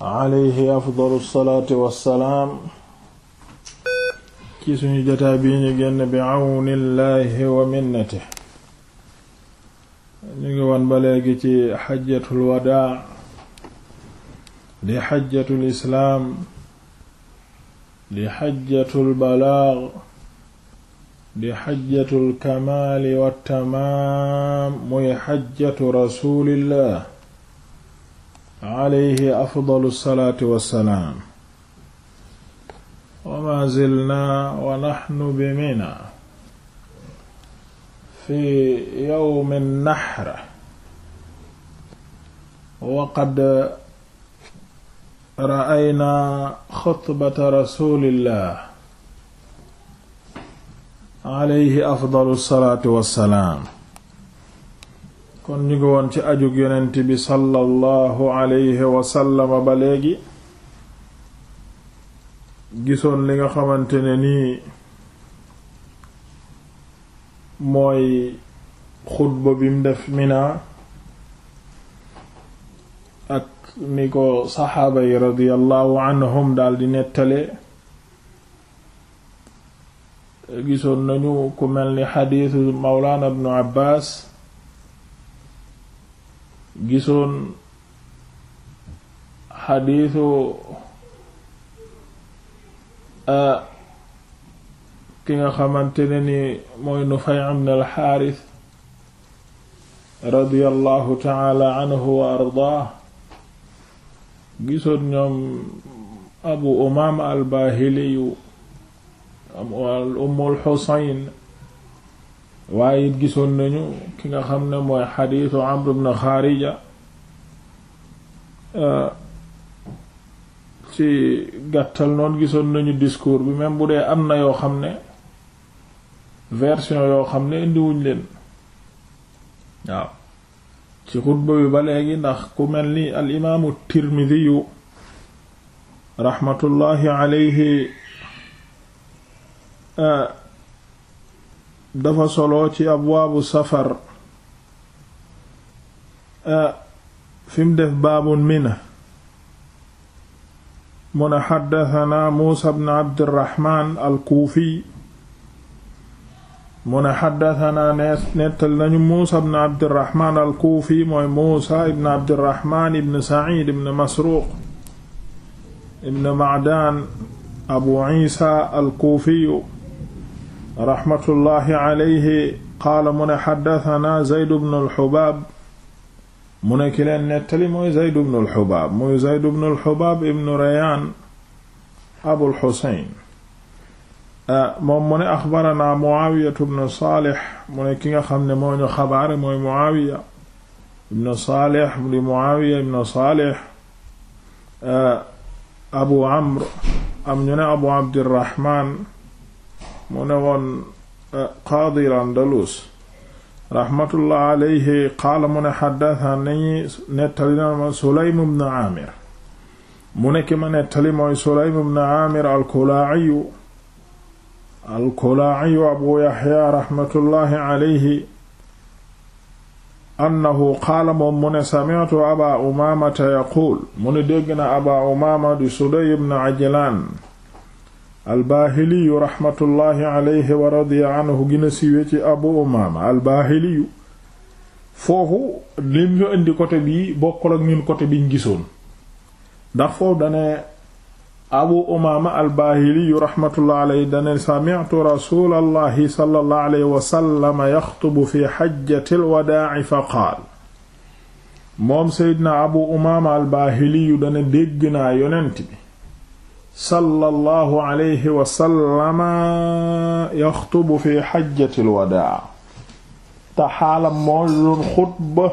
alayhi afdalu salaati wassalaam ci suñu jataa bii ñu génn bi àwn illaahi wa minnati ñu ngi woon ba léegi ci xajjatul wadaa di xajjatul islaam di xajjatul balaag di xajjatul kamaali wa tamaam muy xajjatu rasuulillah alayhi afdalu salaati wassalaam wa maa zilnaa wa naxnu bi Mina fi yawmi naxr wa qad ra'aynaa xutbata rasuulillah alayhi afdalu salaati wassalaam kon ñu ngi woon ci aju yonent bi sallallahu alayhi wasallama ba léegi gisoon li nga xamante ne nii mooy xutba bim def Mina ak ni ko saxaaba yi radiyallahu anhum daldi nettale gisoon nañu ku mel ni xadiisu Mawlaana Abbaas gisoon xadiisu ki nga xamante ne ni mooy Nufay ibn al-Xaaris radiyallahu taala anhu wa ardaah gisoon ñoom Abu Umaama al-Baahiliyu am al Ummul Xusayn waaye it gisoon nañu ki nga xam ne mooy xadiisu Amr ibn Xaarija euh, ci gàttal noonu gisoon nañu discours bi même bu dee am na yoo xam ne version yoo xam ne indiwuñ leen waaw ci xutba bi ba léegi ndax ku mel ni al imaamu Tirmidiyu raxmatullaahi alayhi euh, dafa solo ci abwaabu safar fi mu def baabun mina mun a muusa bn abdirahman nettal nañu muusa bn abdirahman alkuufi mooy muusa ibn abdirahman ibn said ibn masruuq ibn macdaan abu ciisa alkuufiyu raxmatullahi alayhi qaala mu ne xaddatanaa zayd bnu alxubaab mu ne ki leen nettali mooy zayd bnu alxubaab mooy zayd bnu alxubaab ibnu rayaan abul xusayn ah, moom mu ne axbaranaa mucaawiyatu bnu saalix mu ne ki nga xam ne moo ñu xabaare mooy mucaawiya ibnu saalix di mucaawiya ibnu saalix ah, abu amr am ñu ne abu abdirahmaan mu ne woon eh, qaadi raxmatullah alayhi qaala mu ne xaddatha nañu Sulaym ibn Aamir mu nekk ma nettali mooy Sulaym ibn Aamir al-Kalaa'iyu Abu Yaxya raxmatullahi alayhi annahu qaala moom mu ne Umaamata yaquul mu ne dégg Umaama di Sudayy ibn Ajlaan albahiliyu raxmatullahi alayhi wa radiya anhu ci abu umaama albahiliyu foofu lim ñu indi côté bi bokkul ak ñun côté biñ gisoon ndax foofu dane abu umaama albahiliyu raxmatullahi alayhi dane sami'tu rasulallahi sallallahu wa sallam yaxtubu fi xajjatil wadaa'i fa qaal moom seydina abu umaama albahiliyu dane dégg naa sallallahu alayhi wa sallama yaxtubu fi xajjatil wadaa te xaalam moo doon xutba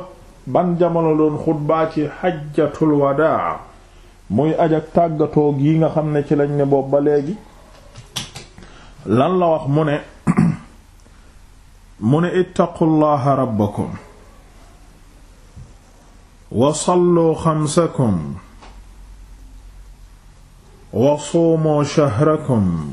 ban jamono doon xutbaa ci xajjatul wadaa muy ajak tàggatoog yi nga xam ne ci lañ ne boobu ba léegi lan la wax mu ne mu ne ittaqullaha rabbakum wa sallu xamsakum wa suumoo shahrakum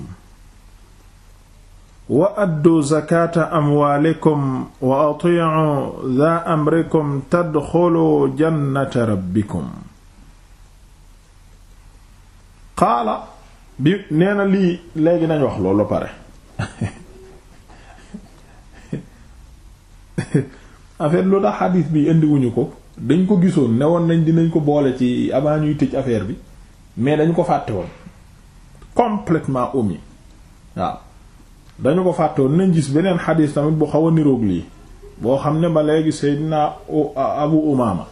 wa adduu zakata amwaalikum wa atiicu daa amrikum tadxuluu jannata rabbikum qaala bi nee na lii léegi nañ wax loolu pare affaire lu tax xadiis bi indiwuñu ko dañ ko gisoon newoon nañ dinañ ko boole ci avant ñuy tëj affaire bi mais dañu ko fàtte woon complètement omis waaw dañu ko fàtte woon nañ gis beneen xadiis tamit bu xaw a niroog lii boo xam ne ba léegi Seydina Abu Umaama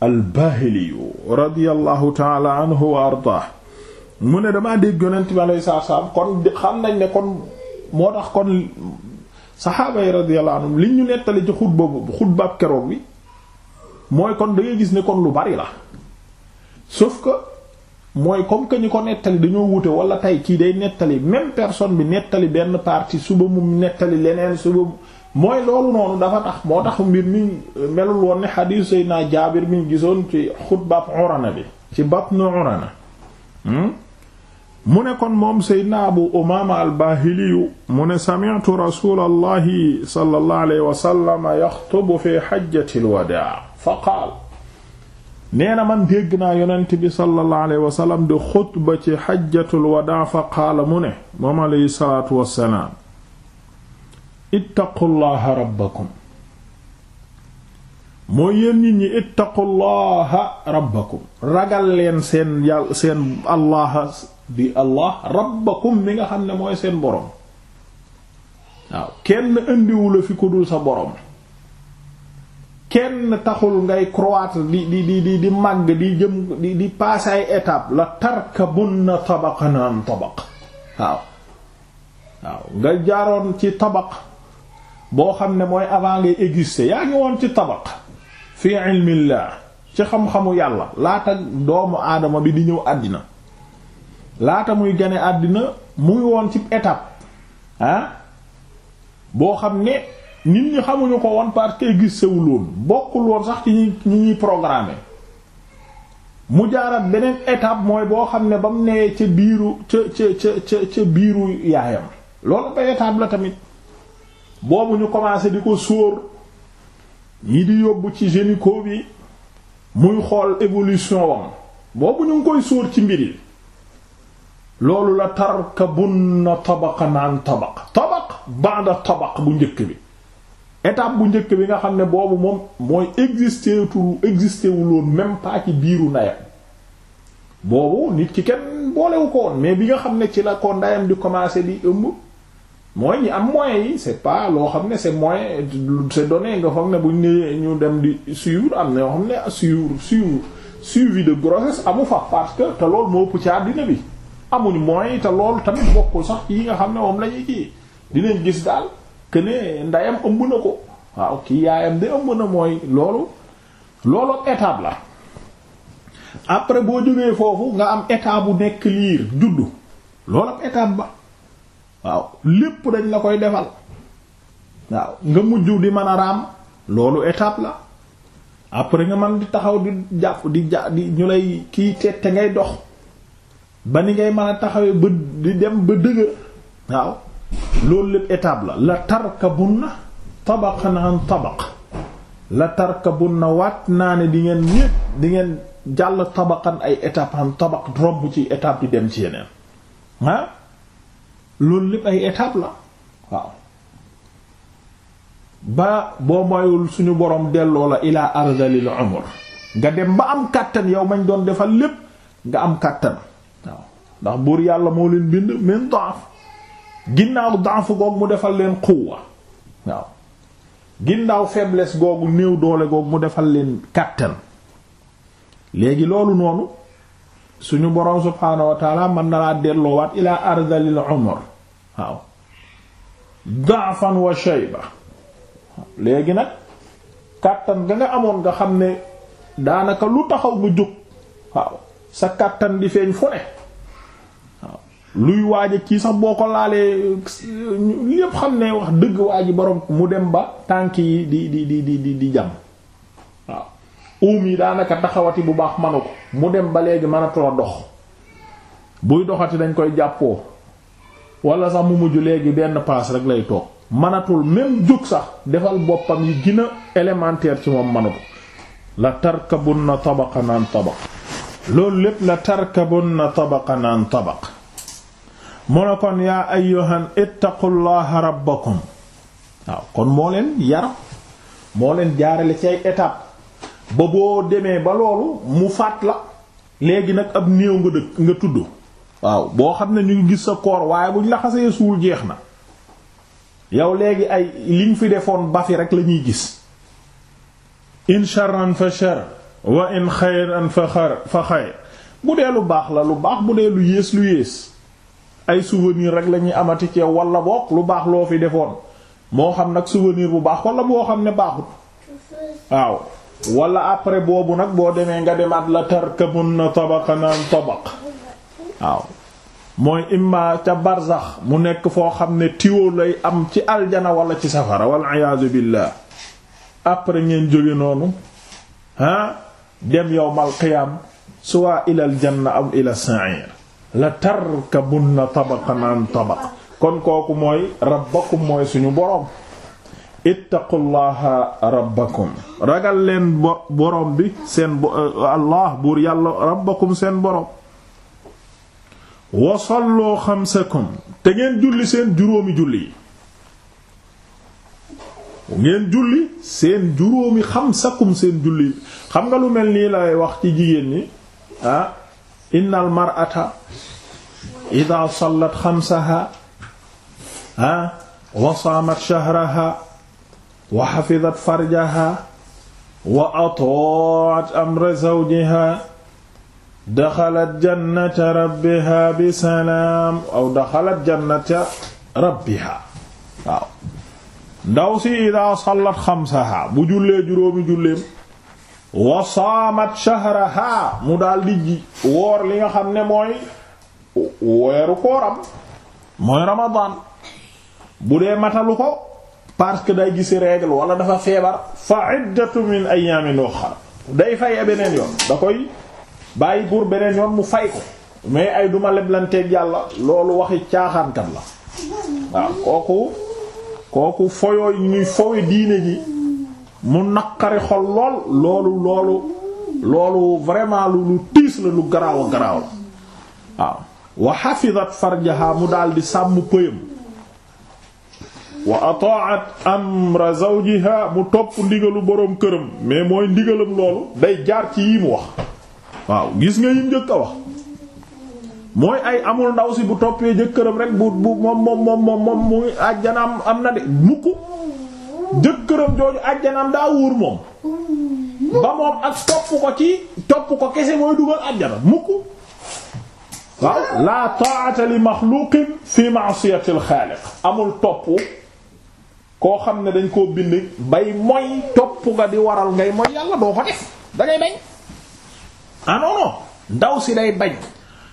al-Baahili radiyallahu taala anhu wa ardaah mu ne damaa dégg yonent bi alayhi salaatu salaam kon xam nañ ne kon moo tax kon saxaaba yi radiyallahu anhum li ñu nettali ci xutba ba xutbaab keroog bi mooy kon da gis ne kon lu bari la sauf que mooy comme que ñi ko nettali dañoo wute wala tey kii day nettali même personne bi nettali benn parti suba mu nettali leneen suba mooy loolu noonu dafa tax moo tax mbir mi melul woon ne xadiis Seydina Jaabir mi gisoon ci xutbab Urana bi ci batnu Urana hmm? mu ne kon moom Seydina Abu Umaama al-Baahiliyu mu ne sami'tu rasuulallahi sallallahu alayhi wa sallam yaxtubu fi hajjatil wadaa fa qaala nee na man dégg naa yonent bi sallallahu alayhi wa sallam di xutba ci xajjatul wadaa fa qaala mu ne moom alayhi salaatu wassalaam ittaqullaha rabbakum mooy yéen nit ñi ittaqullaha rabbakum ragal leen seen yàll seen allah di allah rabbakum mi nga xam ne mooy seen boroom waaw kenn indiwu la fi ku dul sa boroom kenn taxul ngay croître di di di di di màgg di jëm di di passer ay étape la tarkabunna tabaqan an tabaq waaw waaw nga jaaroon ci tabaq boo xam ne mooy avant ngay exister yaa ngi woon ci tabaq fii ilmillah ci xam-xamu yàlla laata doomu aadama bi di ñëw àddina laata muy gane àddina muy woon ci étape ah? boo xam ne nit ñi xamuñu ko woon parce que gisewul bokkul woon sax ci ñi ñuy programmer mu jaarat beneen étape mooy boo xam ne ba mu nee ca biiru ca ca ca biiru yaayam loolu ba étape la tamit boobu ñu commencé di ko sóor ñi di yóbbu ci génico bi muy xool évolution wam boobu ñu ngi koy sóor ci mbir yi loolu la tarkabunna tabaqan an tabaq tabaq ba'da tabaq bu njëkk bi étape bu njëkk bi nga xam ne boobu moom mooy exister tul exister wu loon même pas ci biiru ndeyam boobu nit ki kenn boolewu ko woon mais bi nga xam ne ci la ko ndeyam di commencer di ëmb mooy ñi am moyens yi c'est pas loo xam ne c'est moyen c'est donné nga foog ne buñ ne ñu dem di suivre am na yoo xam ne suivre suivre suivi de grossesse amu fa parce que te lool moo ëpp ci àddina bi amuñ moyens yi te lool tamit bokkul sax yi nga xam ne moom lañuy kii dinañ gis daal que ne ndeyam ëmb na ko waaw kii yaayam de ëmb na mooy loolu loolu ab étape la après boo jógee foofu nga am étape bu nekk liir juddu loolu ab étape ba waaw lépp dañ la koy defal waaw nga mujj di mën a raam loolu étape la après nga man di taxaw di jàpp di ja di ñu lay kii te te ngay dox ba ni ngay mën a taxawee ba di dem ba dëgër waaw loolu lépp étape la la tarkabunna tabaqan an tabaq la tarkabunna waat naa ne di ngeen ñépp di ngeen jàll tabaqan ay étape an tabaq romb ci étape di dem ci yeneen loolu lépp ay étape la waaw ba boo moyul suñu borom delloo la ilaa ardalil umur nga dem ba am kàttan yow mañ doon defal lépp nga am kàttan waaw ndax buur yàlla moo leen bind min daaf ginnaaw dànf googu mu defal leen quwwa waaw ginnaaw faiblesse googu néew doole googu mu defal leen kàttan léegi loolu noonu suñu boroom subhaanahu wa taala mën na laa delloowaat ila ardalil umr waaw da'fan wa shayba léegi nag kàttan ga nga amoon nga xam ne daanaka lu taxaw nga jóg waaw sa kàttan di feeñ fu ne luy waaj kii sax boo ko laalee yépp xam ne wax dëgg waa ji borom mu dem ba tànk yi di di di di di di jàmm waaw uum yi daanaka taxawati bu baax manu ko mu dem ba léegi mënatula dox buy doxati dañ koy jàppoo wala sax mu mujj léegi benn paas rek lay toog manatul même jóg sax defal boppam yi gën a ci moom manu ko la tarkabun na tabaqan an tabaq loolu lépp la tarkabun na tabaqan an tabaq mu ne kon yaa ayyuhan waaw kon moo leen yar moo leen jaarale ci ay étape ba boo demee ba loolu mu fàtt la léegi nag ab néew nga dëkk nga tudd waaw boo xam ne ñu gis sa koor waaye bu ñu la suul jeex na yow léegi ay liñ fi defoon bafi fi rek la gis in sharran fa shar wa in xayran fa xayr bu dee lu baax la lu baax bu dee lu yées lu yées ay souvenir rek lañuy ñuy amati ci wala bokk lu baax loo fi defoon moo xam nag souvenir bu baax wala boo xam ne baaxut waaw wala après boobu nag boo demee nga demaat la tarkabunna tabaqan an tabaq waaw mooy imma ca barzax mu nekk foo xam ne tiwo lay am ci aljana wala ci safara wal iyaazu billah après ngeen jóge noonu ah dem yowmal qiyaam soit ilal janna am ila sa'ir la tarkabunna tabaqan an tabaq kon kooku mooy rabbakum mooy suñu boroom ittaqullaha rabbakum ragal leen bo boroom bi seen allah buur yàlla rabbakum seen boroom wasalloo xamsakum te ngeen julli seen juróomi julli yi ngeen julli seen juróomi xamsakum seen julli xam nga lu mel nii lay wax ci jigéen ñi ah? innal mar'ata idha sallat xamsaha ah wa saamat shahraha wa xafidat farjaha wa ata'at amra zawjiha daxalat jannata rabbiha bisalaam aw daxalat jannata rabbiha waaw ndaw si idha sallat xamsaha bu jullee juróomi julleem wasaamat shahraha mu daal di ji woor li nga xam ne mooy weeru kooram mooy ramadan bu dee matalu ko parce que day gisi règle wala dafa feebar fa iddatu min ayaamin uxra day fay beneen yoon da koy bàyyi pour beneen yoon mu fay ko mais ay duma leblanteeg yàlla loolu waxi caaxaankat la waaw kooku kooku foyooy ñuy fowe diine ji mu naqari xol lool loolu loolu loolu vraiment lu lu tiis la lu garaaw a garaaw la waaw wa xafidat farjaha mu daal di sàmm pëyam wa ata'at amra zawjiha mu topp ndigalu boroom këram mais mooy ndigalam loolu day jaar ci yi mu wax waaw gis nga yim njëkk a wax mooy ay amul ndaw si bu toppee jëkkëram rek bu bu moom moom moom moom mu am na de mukk jëkkëram jooju ajjanaam daa wóor moom ba moom ak topp ko ci topp ko kese mooy dugal ajjana mukk waaw laa ta'ata li maxluqin fi ma'siyati al amul topp koo xam ne dañ koo bind bay moy topp nga di waral ngay moy yàlla doo ko dangay bañ ah ndaw si day bañ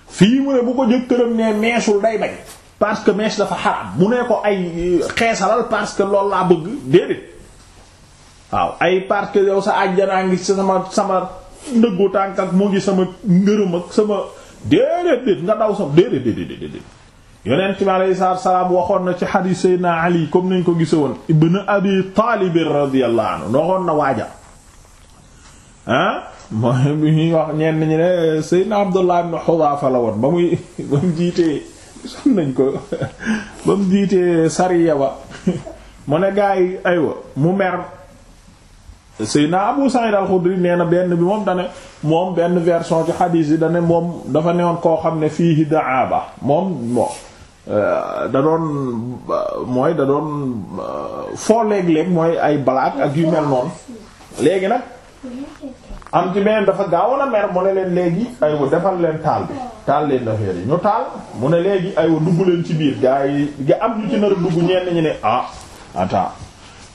fii mu ne bu ko jëkkëram ne meesul day bañ parce que mèche dafa xaram mu ne ko ay euh, xeesalal parce que loolu laa bëgg déedéet waaw ay parce que yow sa àjjanaa ngi sama sama ndëggu tànk ak mu ngi sama ngërëm ak sama déedéet déet nga daw sama déedéet déedéet déedéet yonent bi alayhi salaam waxoon na ci xadiis Seydina Ali comme nañ ko gise woon ibn Abi Taalib radiyallahu anhu waxoon na waaja ah mooy bi ñuy wax ñenn ñi ne Seydina Abdullah ibn Hudhafa la woon ba muy ba mu jiitee gisoon nañ ko ba mu jiitee sariya ba mu ne gaa yi aywa mu mer Seydina naa Sa'id al-Khudri nee na benn bi moom dane moom benn version ci xadiis yi dane moom dafa newoon koo xam ne fiihi daaba moom bon euh, da doon mooy da doon euh, foo léeg-léeg mooy ay blague ak yu mel noonu léegi nag am ci beneen dafa gaawoon a mer mu ne leen léegi aywa defal leen taal bi taal leen affaire yi ñu taal mu ne léegi aywa dugg leen ci biir gaa yi nga am ñu ci nar a dugg ñenn ñi ne ah ata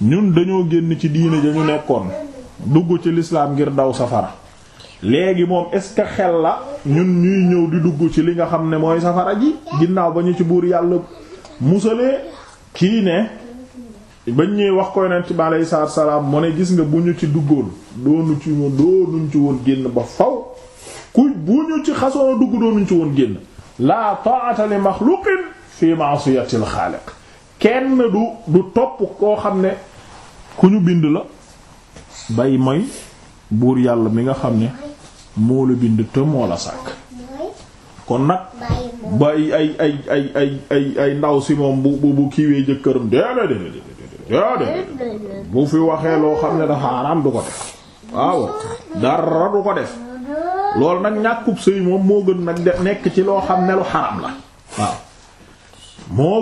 ñun dañoo génn ci diine ja ñu nekkoon dugg ci lislaam ngir daw safara léegi moom est-ce que xel la ñun ñuy ñëw di dugg ci li nga xam ne mooy safara ji ginnaaw ba ñu ci buur yàlla musalee kii ne bañ ñëwee wax ko yonent bi aleyhi salaam mu ne gis nga bu ñu ci duggoon doonu ci woon doonuñ ci woon génn ba faw ku bu ñu ci xasoon a dugg doonuñ ci woon génn laa ta'ata li maxluqin fi ma'siyatil xaaliq kenn du du topp koo xam ne ku ñu bind la bay mooy buur yàlla mi nga xam ne moo la bind te la sàkk kon nag bay ay ay ay ay ay ay ndaw si moom bu bu kiiwee jëkkëram déedéet déedéet bu fi waxee loo xam ne dafa araam du ko def waaw dara du ko def loolu nag ñàkkub sëy moom moo gën nag de nekk ci loo xam ne lu xaram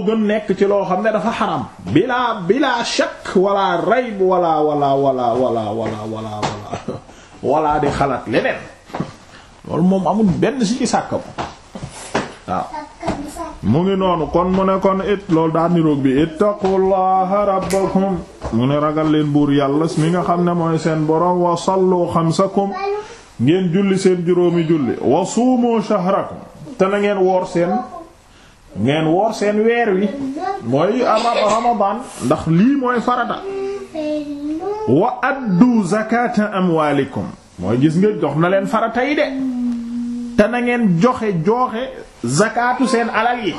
gën nekk ci loo xam ne dafa xaram bilaa bilaa shakk wala rayb wala wala walla wala wala wala wala di xalaat leneen loolu moom amul benn si ci sàkk waaw mu ngi noonu kon mu ne kon it loolu daa niroog bi ittaqullaha rabbakum mu ne ragal leen buur yàlla mi nga xam ne mooy seen boroom wa sallu xamsakum ngeen julli seen juróomi julli wa suumu shahrakum te na ngeen woor seen ngeen woor seen weer wi mooy ama ramadan ndax lii mooy farata wa addu zakata amwalikum mooy gis nga jox na leen farata yi de te na ngeen joxe joxe zakaatu seen alal yi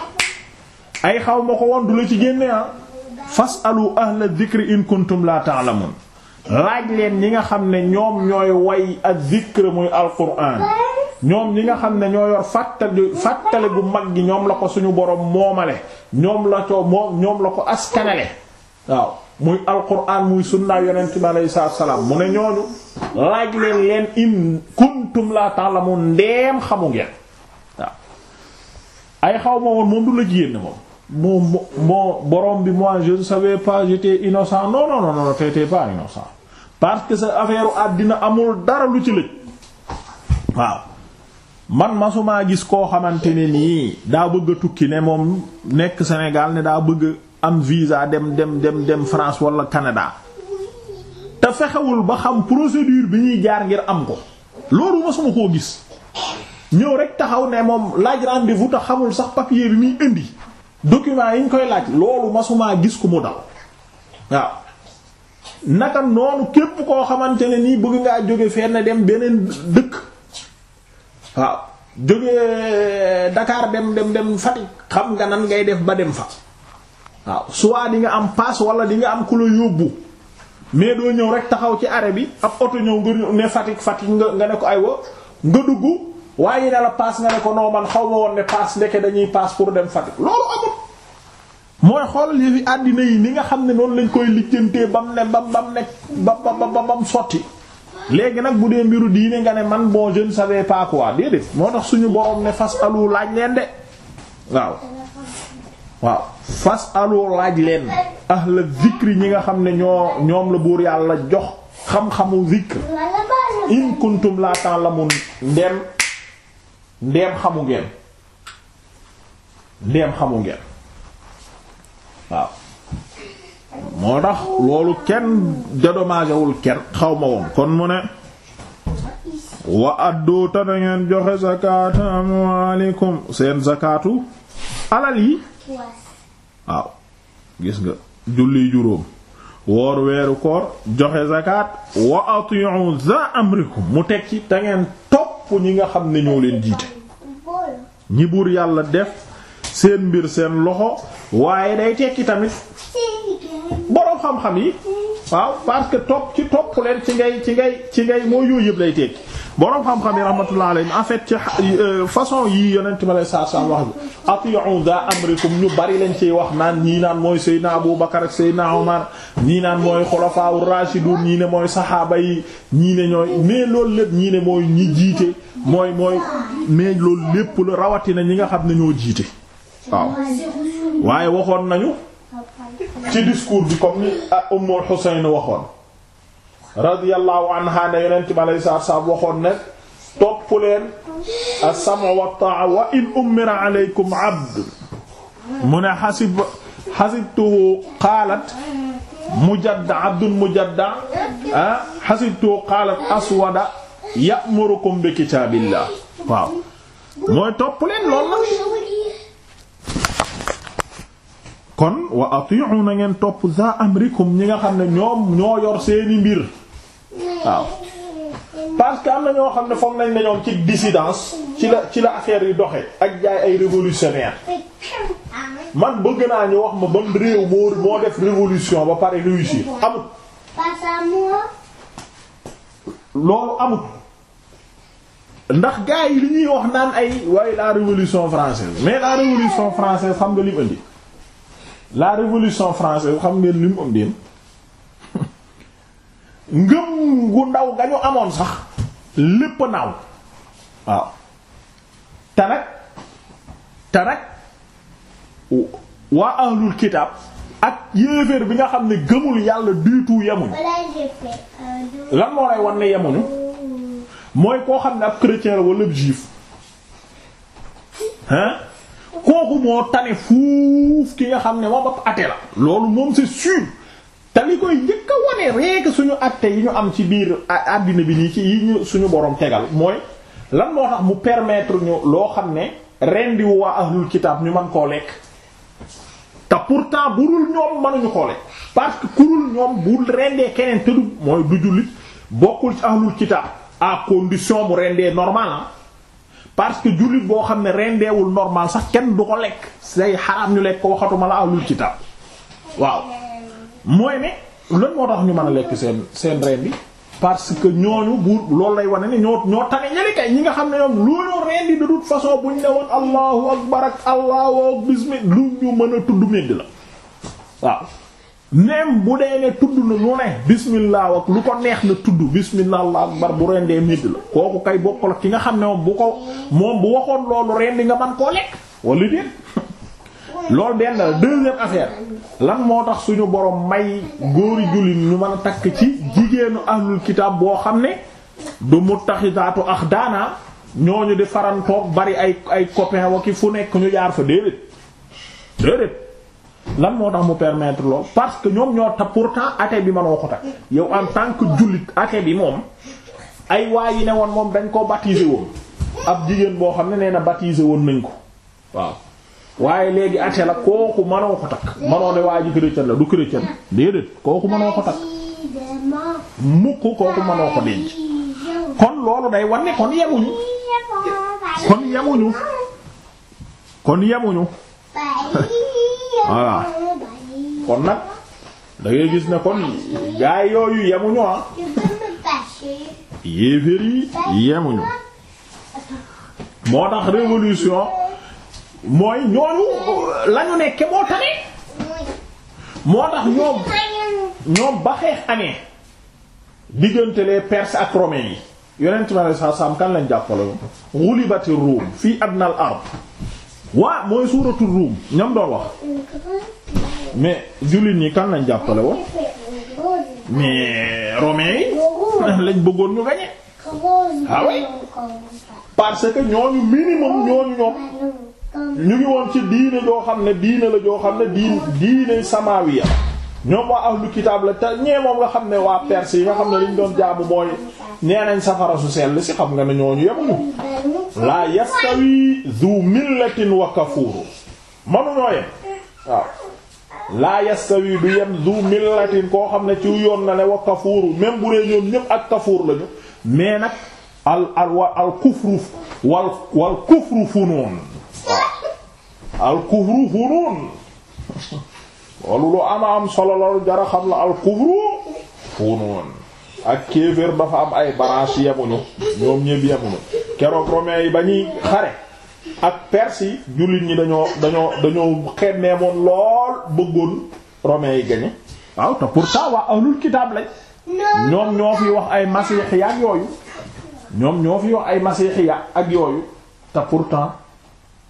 ay xaw ma ko woon du la ci génne ah fasalu ahla dhikri in kuntum la ta'lamun laaj leen ñi nga xam ne ñoom ñooy way az-zikr muy alquran ñoom ñi nga xam ne ñoo yor fàttali fàttali bu mag gi ñoom la ko suñu borom moomale ñoom la ko moom ñoom la ko askanale waaw muy alquran muy sunna yonent bi aleyhi mu ne ñooñu laaj leen leen in kuntum la ta'lamun ndeem xamu ngeen ay xaw ma woon moom du la jigéen moom moom moo borom bi mois je ne savais pas j'étais innocent non non non non t'étais innocent parce que sa affaire àddina amul dara lu ci lëj waaw man masumaa gis koo xamante ne nii daa bëgg tukki ne moom nekk Sénégal daa bëgg am visa dem dem dem dem France walla Canada te fexewul ba xam procédure bi ñuy jaar ngir am ko loolu masuma koo gis ñëw rek taxaw ne moom laaj bi vous te xamul sax papier bi muy indi document yi ñu koy laaj loolu masumaa gis ku mu daw waaw naka noonu képp koo xamante ne nii bëgg ngaa jóge fenn dem beneen dëkk waaw jóge eh, dakaar dem dem dem Fatick xam nga nan ngay def ba dem fa waaw soit di nga am paas wala di am ku la yóbbu mais doo ñëw rek taxaw ci arrêt bi ab oto ñëw nga ne Fatick Fatick nga ne ko aywa nga dugg waaye ne la paas nga ne ko noo man xaw ma woon ne paas ndeke dañuy paas pour dem Fatick loolu amul mooy xoolal yëfi àddina yi ni nga xam ne noonu lañ koy lijjantee bam ne bam bam ne ba ba ba bam sotti léegi nag bu dee mbiru diine nga ne man boo je ne savais déedéet moo tax suñu borom ne fas alu laaj leen de waaw waaw fas alu laaj leen ahla zikri ñi nga xam ne ñoo ñoom la buur yàlla jox xam-xamu zikr in kuntum la ta'lamun ndem ndeem xamu ngeen waaw moo tax loolu kenn dédommagé kenn xaw ma woon kon mu ne wa addu ta na joxe zakatu amwalikum alal yi waaw gis nga julli juróom woor weeru koor joxe zakat wa ati'u za amrikum mu teg ci topp topp ñi nga xam ne ñoo leen jiite ñi buur yàlla def seen mbir seen loxo waaye day tekki tamit boroom xam-xam yi waaw parce que topp ci topp leen ci ngay ci ngay ci ngay moo yëpp lay tekki boroom xam-xam yi rahmatullah alayhim en fait ci euh, façon yii yonent ma lay saa saa wax bi ati'u da amrikum ñu bari lañ ciy wax naan ñii naan mooy Seydina Abu Bakar ak Seydina Omar ñii naan mooy xulafaa ur-rashidun ñii ne mooy saxaaba yi ñii ne ñooy mais loolu lépp ñii ne mooy ñi jiite mooy mooy mais loolu lépp la rawatina ñi nga xam ne ñoo jiite waaw waaye waxoon nañu. ci discours bi comme ni ah, Ummul Husayn waxoon radiyallahu anha ne yonent bi alayhi salaatu salaam waxoon ne topp leen as-sam'u wat-taa'a wa in ummira alaykum abd mu ne xasib xasibtuhu qaalat mujadda abdun mujadda ah xasibtuhu qaalat aswada ya'murukum bi kitaabillah waaw mooy topp leen loolu kon wa ati'u na ngeen topp za amrikum ñi nga xam ne ñoom ñoo yor seeni mbir waaw parce que am na ñoo xam ne foog nañ ne ñoom ci dissidence ci la ci la affaire yi doxe ak jaay ay révolutionnaire man bëgg naa ñu wax ma ban réew moo moo def révolution ba pare réussir amut loolu amut ndax gaa yi li ñuy wax naan ay waaye la révolution française mais la révolution française xam nga lim indi la révolution française xam ngeen li mu ngëm gu ndaw gañu amoon sax lépp naaw waaw te nag waa ahlul kitaab ak yéeféer bi nga xam ne gëmul yàlla du tout yemuñu lan moo lay wan ne yemuñu mooy koo xam ne ab chrétien wala juif hein kooku moo tane fuuf ki nga xam ne moom ab atte la loolu moom c'est sûr te li koy njëkk a wane rekk suñu atte yi ñu am ci biir àddina bi nii ci yi ñu suñu borom tegal mooy lan moo tax mu permettre ñu loo xam ne rendi wu waa ahlul kitaab ñu man koo lekk te pourtant burul ñoom mënuñu koo lekk parce que kurul ñoom bu rendee keneen tëdu mooy du jullit bokkul ci ahlul kitaab à condition mu rendee normal parce que jullit boo xam ne rendeewul normal sax kenn du ko lekk say xaraam ñu lekk ko waxatuma la ahlul kitaab waaw mooy ne lan moo tax ñu mën a lekk seen seen reen parce que ñooñu bu loolu lay wane ne ñoo ñoo tane kay ñi nga xam ne ñoom looloo reen di de toute façon ne woon allahu akbar ak allahu bismillah lu ñu mën a tudd medd la waaw même bu dee ne tudd na lu ne bismillah ak lu ko neex na tudd bismillah allah akbar bu rendee midd la kooku kay bokkul ak ki nga xam ne moom bu ko moom bu waxoon loolu rendi nga man koo lekk wala déet loolu la deuxième affaire lan moo tax suñu boroom may góori jullit ñu mën a takk ci jigéenu ahlul kitab boo xam ne du mu taxidaatu ax daanaa ñooñu di farantoog bari ay ay copain wa ki fu nekk ñu jaar fa déedéet déedéet lan moo tax mu permettre lool parce que ñoom ñoo tax pourtant athée bi mënoo ko takk yow en tant que jullit athée bi moom ay waa yi ne woon moom dañ koo baptisé woon ab jigéen boo xam ne nee na baptisé woon nañ ko waaw waaye léegi athée la kooku mënoo ko takk mënoo ne waa ji chrétien la du chrétien déedéet kooku mënoo ko takk mukk kooku mënoo ko denc kon loolu day wane kon yemuñu kon yemuñu kon yemuñu voilà kon nag dangay gis ne kon gaay yooyu yemuñu ah yéeféer yi yemuñu moo tax révolution mooy ñooñu lañu nekke moo tax moo tax ñoom ba xeex amee diggante les Perses ak Romains yi yonent mi sallallahu alayhi wasallam kan lañ jàppale woon. ghulibati Rum fii adnal ard waa mooy suuratu ruum ñam doon wax mais jullit ñi kan lañ jàppale woon mais romain yi lañ bëggoon ñu gañe ah oui parce que ñooñu minimum ñooñu ñoom ñu ngi woon ci diine joo xam ne diine la joo xam ne diine diine samawiya ñoom waa ahlu kitaab la te ñee moom nga xam ne waa perse yi nga xam ne liñ doon jaabu mooy nee nañ safara su sell si xam nga ne ñooñu yemuñu laa yastawi zu millatin wa kafuuru manuñoo yem waaw laa yastawi du yem zu millatin koo xam ne ci yoon na ne wa kafuuru même ñoom ñëpp ak kafuur lañu mais nag al al al kufru wal wal al kufru funuun loolu lu ama am solo loolu jara xam la al kufru funuun ak kéefër dafa am ay branche yemuñu ñoom ñëpp yemuñu keroog romain yi ba ñuy xare ak perse yi jullit ñi dañoo dañoo dañoo xemmee moom lool bëggoon romain yi gañe waaw te pourtant waa ahlul kitaab lañ ñoom ñoo fi wax ay masiixiya ak ñoom ñoo fi wax ay ak yooyu te pourtant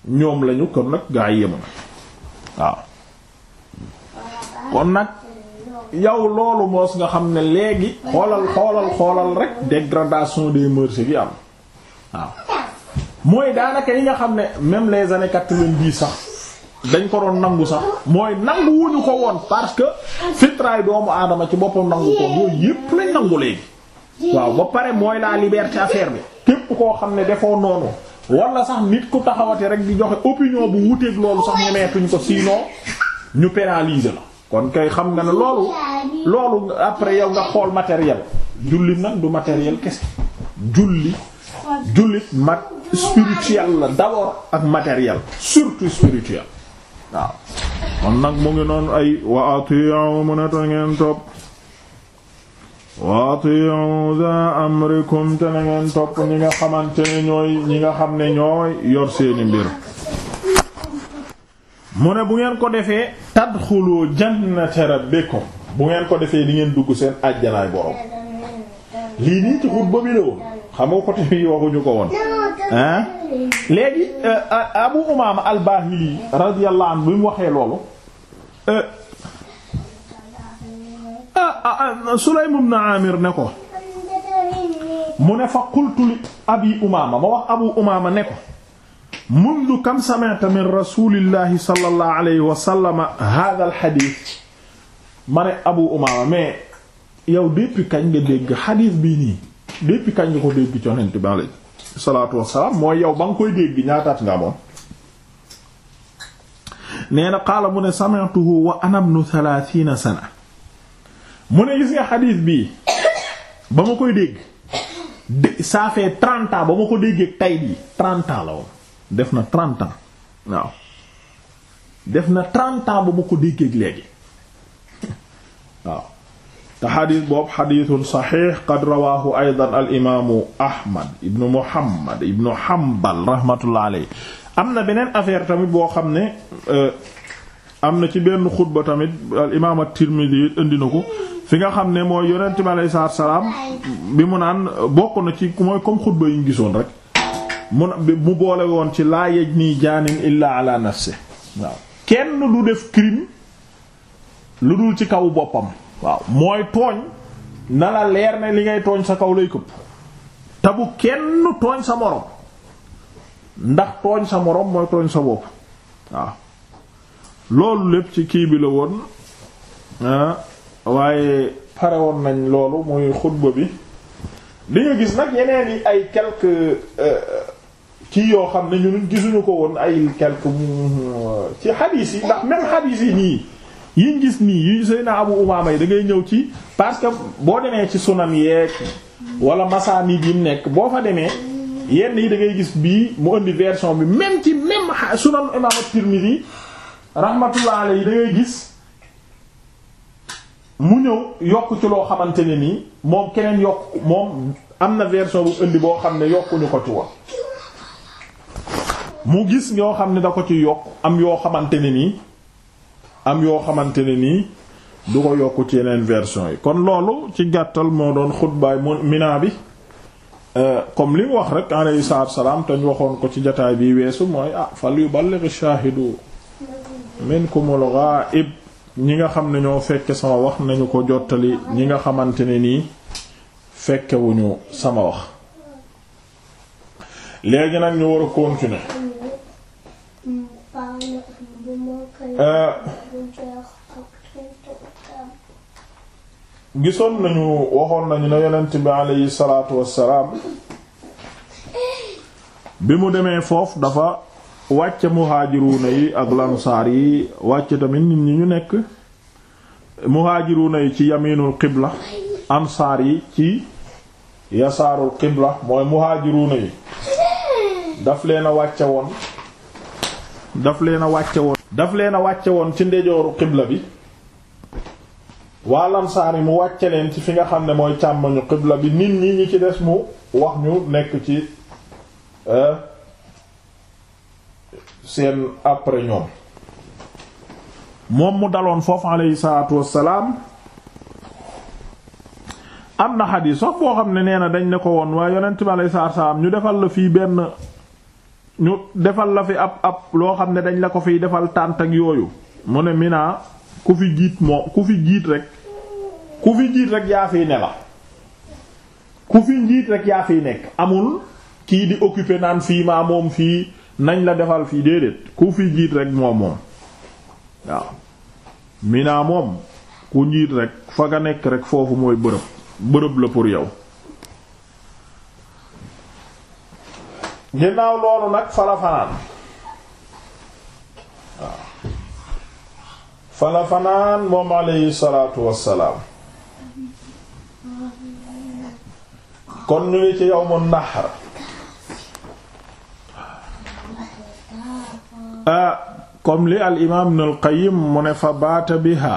ñoom lañu kon nag gaa yi yemuñu waaw kon nag yow loolu moos nga xam ne léegi xoolal xoolal xoolal rek dégradation des mœurs bi am waaw mooy daanaka yi nga xam ne même les années quatre-vingt-dix sax dañ ko doon nangu sax mooy nangu wuñu ko woon parce que fitraay doomu aadama ci boppam nangu ko yooyu yépp lañ nangu léegi waaw ba pare mooy la liberté affaire bi képp koo xam ne defoo noonu wala sax nit ku taxawati rek di joxe opinion bu wuteeg loolu sax ñemeetuñ ko sinon ñu pénaliser la kon kay xam nga ne loolu loolu après yow nga xool matériel julli nag du matériel kese julli jullit mat spirituel la ak matériel surtout spirituel waaw kon nag mu ngi noonu ay wa ati'u mu ne te ngeen topp wa ati'u za amrikum te na topp ñi nga xamante ne ñooy ñi nga xam ne ñooy yor seeni mbir mu ne bu ngeen ko defee tadxulu jannata rabbikum bu ngeen ko defee di ngeen dugg seen àjjanaay borom lii nii ci xutba bi la woon xam nga ko tamit waxuñu ko woon ah léegi euh, Abu Umaama al-Baahili radiyallahu bi mu waxee loolu euh, ah, ah, ah, Sulaym ibn Aamir ne ko mu ne fa qultu li Umaama ma wax Abu Umaama ne ko mundu kam sami'ta min rasulillahi sallallahu alayhi wa sallam hadha al Abu Umaama mais yow depuis kañ nga dégg hadith bii nii depuis kañ nga ko dégg ci Yonent bi alayhi salaatu wassalaam mooy yow ba nga koy dégg ñaataat nga amoon nee na mu ne sami'tuhu wa ana ibnu thalaathiina sana mu ne gis nga hadith bii ba ma koy dégg ça fait ba ma ko déggee tay bii trente la woon def na trente waaw def na trente ans ba ma ko déggee léegi waaw te xadis boobu xadisun saxiix qad rawaahu aydan al imaamu ahmad ibnu muhammad ibnu hambal rahmatullah aley am na beneen affaire tamit boo xam ne euh, am na ci benn xutba tamit al imaam at-Tirmidhi indi ko fi nga xam ne mooy yonent bi aleyhi salaam bi mu naan bokk na ci mooy comme xutba yi ñu gisoon rek mu mu boole woon ci laa yajni jaanin illa ala nafsi waaw kenn du def crime lu dul ci kaw boppam waaw mooy tooñ na la leer ne li ngay tooñ sa kaw lay këpp te bu kenn tooñ sa moroom ndax tooñ sa moroom mooy tooñ sa bopp waaw loolu lépp ci kii bi la woon ah, waaye pare woon nañ loolu muy xutba bi di nga gis nag yeneen yi ay quelques euh, ci yoo xam ne ñun gisuñu ko woon ay quelque ci xadiis yi ndax même xadiis yi nii yiñ gis nii yi Seydina Abu Umaama yi da ngay ñëw ci parce que boo demee ci sunan yeeg wala masaanid yi nekk boo fa demee yenn yi da ngay gis bii mu indi version bi même ci même sunan Imaam at-Tirmidhi yi alayhi da ngay gis mu ñëw yokk ci loo xamante ne nii moom keneen yokk moom am na version bu indi boo xam ne yokkuñu ko ci wax mu gis yoo xam ne da ko ci yokk am yoo xamante ne nii am yoo xamante ne nii du ko yokk ci yeneen version yi kon loolu ci gàttal moo doon xutbaay Mina bi euh, comme li wax rek alayhi salaatu salaam te ñu waxoon ko ci jataay bi weesu mooy ah fal yuballigh shaahidu minkumul ghaa'ib ñi nga xam ne ñoo fekke sama wax nañu ko jottali ñi nga xamante ne nii fekkewuñu sama wax léegi nag ñu war a continuer Euh, gisoon nañu waxoon nañu ne yonent bi aleyhi salaatu wassalaam bi mu demee foofu dafa wàcce muhaajiruuna yi ak lansaar yi wàcc tamit nit ñi ñu nekk muhaajiruuna yi ci yaminul qibla ansaar yi ci yasaarul qibla mooy muhaajiruuna yi daf leen a wàcce woon daf leen a wàcce woon daf leen a wàcce woon ci ndejooru xibla bi waa lansaar yi mu wàcce leen ci fi nga xam ne mooy càmmoñu xibla bi nit ñi ñi ci des mu wax ñu nekk ci euh, seen après ñoom moom mu daloon foofu aleyhi salaatu wassalaam am na xadiis sax boo xam ne nee na dañ ne ko woon waaye yonent bi aleyhi salaatu wassalaam ñu defal la fii benn ñu defal la fi ab ab loo xam ne dañ la ko fiy defal tànt ak yooyu mu ne mina ku fi jiit moo ku fi jiit rek ku fi jiit rek yaa fiy ne la ku fi njiit rek yaa fiy nekk amul kii di occuper naan fii maa moom fii nañ la defal fii déedéet ku fi jiit rek moom moom waaw moom ku njiit rek fa nga nekk rek foofu mooy bërëb bërëb la pour yow ginnaaw loolu nag fala fanaan fala fanaan moom alayhi salaatu wassalaam kon ñu ngi ci yawmun nahr kom ah, comme li al imaam Ibnul Qayyim mu ne fa baata biha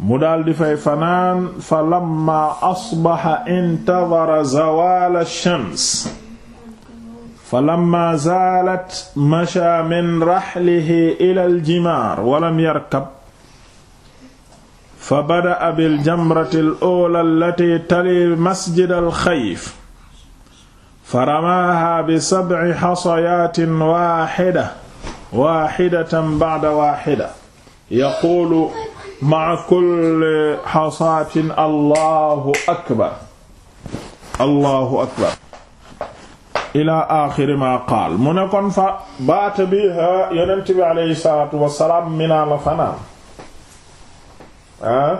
mu daal di fay fanaan fa lamma asbaxa intadara zawaala shams fa lamma zaalat masha min raxlihi ila aljimaar walam yarkab fa bada'a biljamrati al-uulaa allati tali masjid alxayf fa ramaaha bi sab'i xasayaatin waaxida waaxidatan ba'da waaxida yaquulu maa kulli xasaatin allahu akbar allahu akbar ila axiri ma qaal mu ne kon fa baata biha yonent bi aleyhi salaatu wasalaam minaa la fanaan ah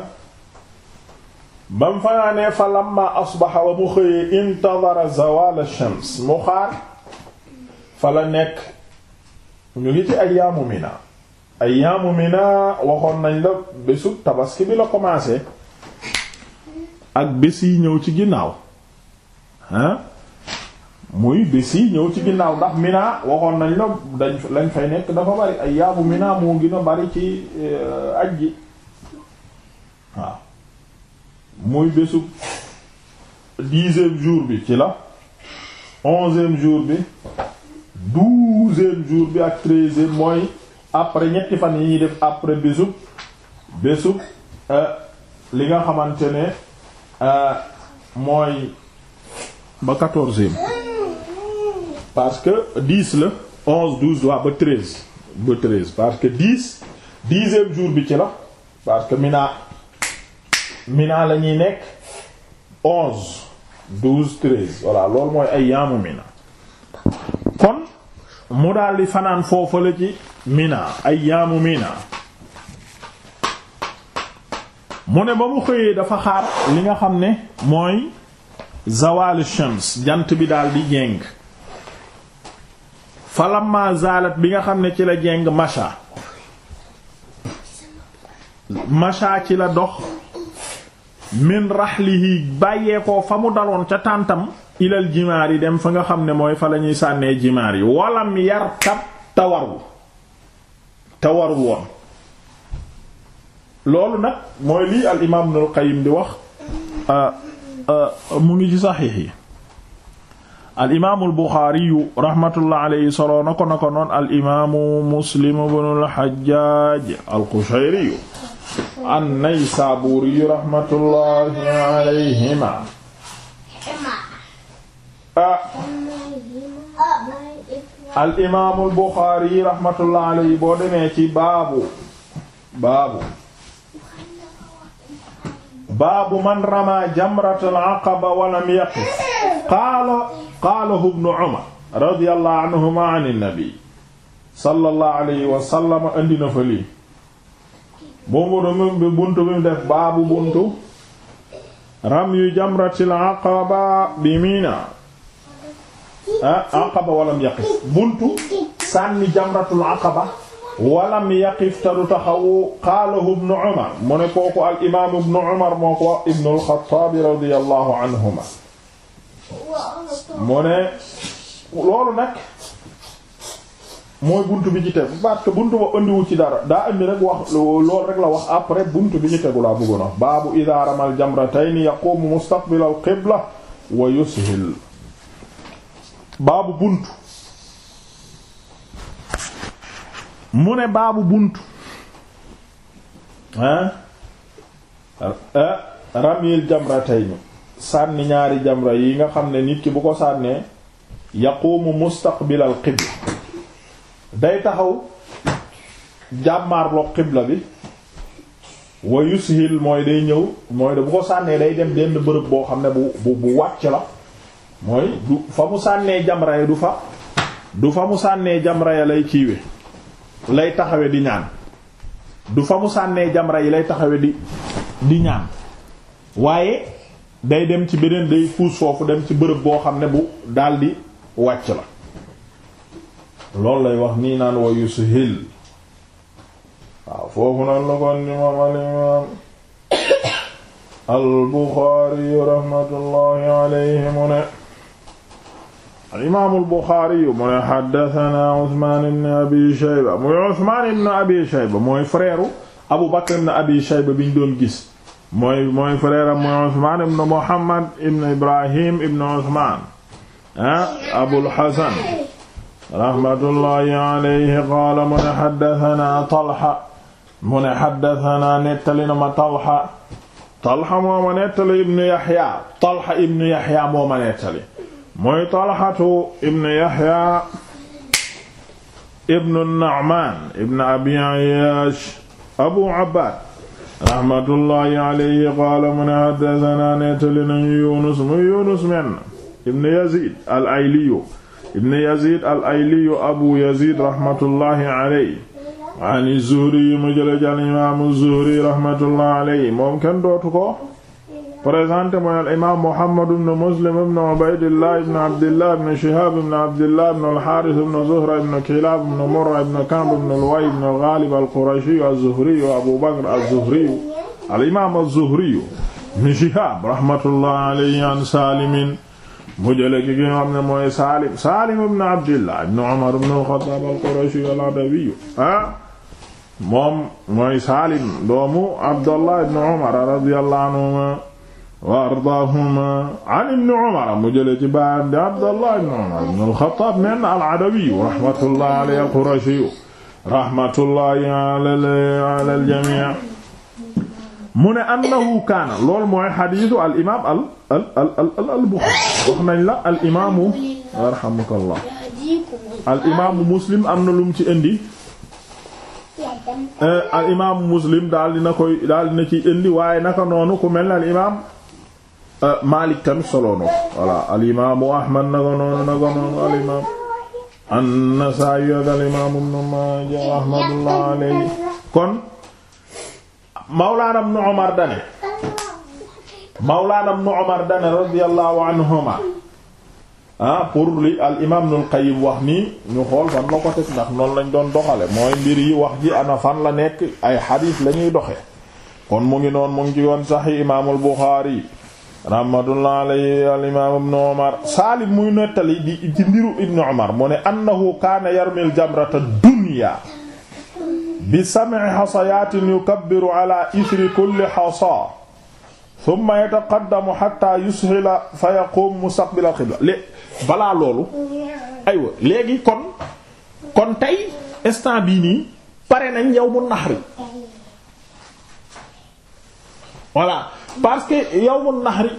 bam fanaanee fa lamma asbaxa wa mu xëyee intadara zawaal ash-shams mu xaar fa la nekk ñu ngi ci ayyaamu mina ay ayaamu Mina waxoon nañ la bésu tabaski bi la commencé ak bés yi ñëw ci ginnaaw ah muy bés yi ñëw ci ginnaaw ndax Mina waxoon nañ la dañ lañ fay nekk dafa bari ay ayaamu Mina moo gën a bari ci eh, aj gi waaw muy bésu dixième jour bi ci la onzième jour bi douzième jour bi ak treizième mooy après ñetti fan yi ñuy def après bésub bésub euh, li nga xamante ne euh, mooy ba quatorzième parce que dix la onze douze waa ba treize ba treize parce que dix dixième jour bi ci la parce que Mina Mina la ñuy nekk onze douze treize voilà loolu mooy ay yaamu Mina kon mu daal di fanaan foofu la ci mina ayaamu mina mu ne ba mu xëyee dafa xaar li nga xam ne mooy zawal shams jant bi daal di jéng falamma bi nga xam ne ci la jéng masha masha ci la dox min yi bàyyeekoo fa mu daloon ca tàntam ilal jimaar yi dem fa nga xam ne mooy fa lañuy sànnee jimaar yi walam yartab tawaru te warul woon loolu nag al imaam Ibnul Qayyim di wax mu ngi ci saxiix yi al imaamul Buxaariyu rahmatullah aleyhi soloo na ko na ko noon al imaamu Muslim ibnul Hajjaaj al Qushayriyu an Naysaabuuriyu rahmatullahi aleyhima al imaamul Buxaari rahmatullah alayhi boo demee ci baabu baabu baabu man rama jamratal aqaba walam yaqif qaala qaalahu ibnu radiyallahu anhuma an nabi sallallahu alayhi wa sallam andi na fa bi buntu bi def baabu buntu ram jamratil aqaba bi Mina Ah, aqaba walam yaqif buntu sànni jamratul aqaba walam yaqif taru taxawu qaalahu ibnu umar mu ne kooku al imaamu ibnu umar moo ko wax ibnu alxataabi radiyallahu anhuma mu ne loolu nag mooy buntu bi ci tegu parce que buntu ba andiwu ci dara daa andi rek wax loolu rek la wax après buntu bi ci tegu laa bëggoon a wax baabu idaa ramal jamratayni yaqumu mustaqbilal qibla wa yushil baabu bunt mu ne baabu bunt ah eh, ramil jamratayni sànni ñaari jamra yi nga xam ne nit ki bu ko sànnee yaqumu mustaqbilal qibla day taxaw jàmmaarloo qibla bi wa yushil mooy day ñëw mooy da bu ko sànnee day dem benn bërëb boo xam ne bu bu bu wàcc la mooy du fa mu sànnee jamra ya du fa du fa mu sànnee jamra lay kiiwe lay taxawe di du fa sànnee jamra yi lay taxawe di ñaan waaye day dem ci beneen day puus foofu dem ci bërëb boo xam ne bu daldi wàcc la loolu lay wax nii naan wa yushil waaw foofu noonu la kon di moom al imaam al ne al-imaam al-Buxaari mu ne haddasanaa Usmaan ibn Abi Shayba muy Usmaan ibn Abi Shayba mooy frère Abu Bakr ibn Abi Shayba bi ñu doon gis mooy mooy frère am mooy Usmaan ibn Muhammad ibn Ibrahim ibn Usmaan ah Abul Hasan rahmatullahi alayhi qaala mu ne haddasanaa Talha mu ne haddasanaa nettali na ma Talha Talha moo ma nettali ibn Yahya Talha ibn Yahya moo ma nettali mooy talxatu ibn yahya ibnu naaman ibn abi ayaash abu abbad rahmatullahi alayhi qaala mu ne haddasanaa nettali nañu yunus muy yunus men ibn yazid al ayliyu ibn yazid al ayliyu abu yazid rahmatullahi alayhi an zuhri yi mu jële ci al imaamu zuhri rahmatullahi alayhi moom kenn dootu ko présenté mooy al imaam Muhammad ibn Muslim ibn Ubaydillah ibn Abdillah ibn Shihab ibn Abdillah ibn al-Harith ibn Zuhra ibn Kilab ibn Murra ibn Ka'b ibn Luway ibn Ghalib al-Qurashi az-Zuhri Abu Bakr az-Zuhri al imaam az-Zuhri ibn Shihab rahmatullah alayhi an Salim mu jële ki nga xam ne mooy Salim Salim ibn Abdillah ibn Umar ibn al-Khattab al-Qurashi al-Adawi ah moom mooy Salim doomu Abdullah ibn Umar radiyallahu anhu wa ardaahuma an ibni umara mu jële ci baayam di abdallah ibni umar ibn al-Xattaab men al-Adawiyu rahmatullahi alayhi al-Qurashiyu rahmatullahi ala al-jamii mu ne annahu kaana loolu mooy xadiisu al imaam al al al al al Buxaari wax nañ la al imaamu yarhamukallah al imaamu muslim am na lum ci indi. Eh, al imaamu muslim daal dina koy daal dina ci indi waaye naka noonu ku mel ne al imaam Euh, malik tamit solo na ko voilà al imaamu Ahmad naka noonu naka noonu al imaam an-Nasaa'i al imaam Ibn Maaja rahmatullahi kon Mawlaana Ibn Umar dane Mawlaana Ibn ah, pour li al imaam Ibnul Qayyim wax nii ñu xool fan la ko teg ndax noonu lañ doon doxale mooy mbir yi wax ji ana fan la nekk ay xadiis lañuy ñuy kon mu ngi noonu mu ngi ci yoon Sahih imaamul Buxaari rahmatullah alayhi al imam ibnu omar saalim muy nettali di ci ndiru ibnu omar mu ne annahu kaana yarmil jamrata dunya bi sam'i xasayaatin yukabbiru ala ithri kulli xasa thumma yataqaddamu hatta yushila fa yaquum mustaqbil al qibla lé balaa loolu aywa léegi kon kon tey instant bii nii pare nañ yawmu nahri voilà parce que yawmun nahri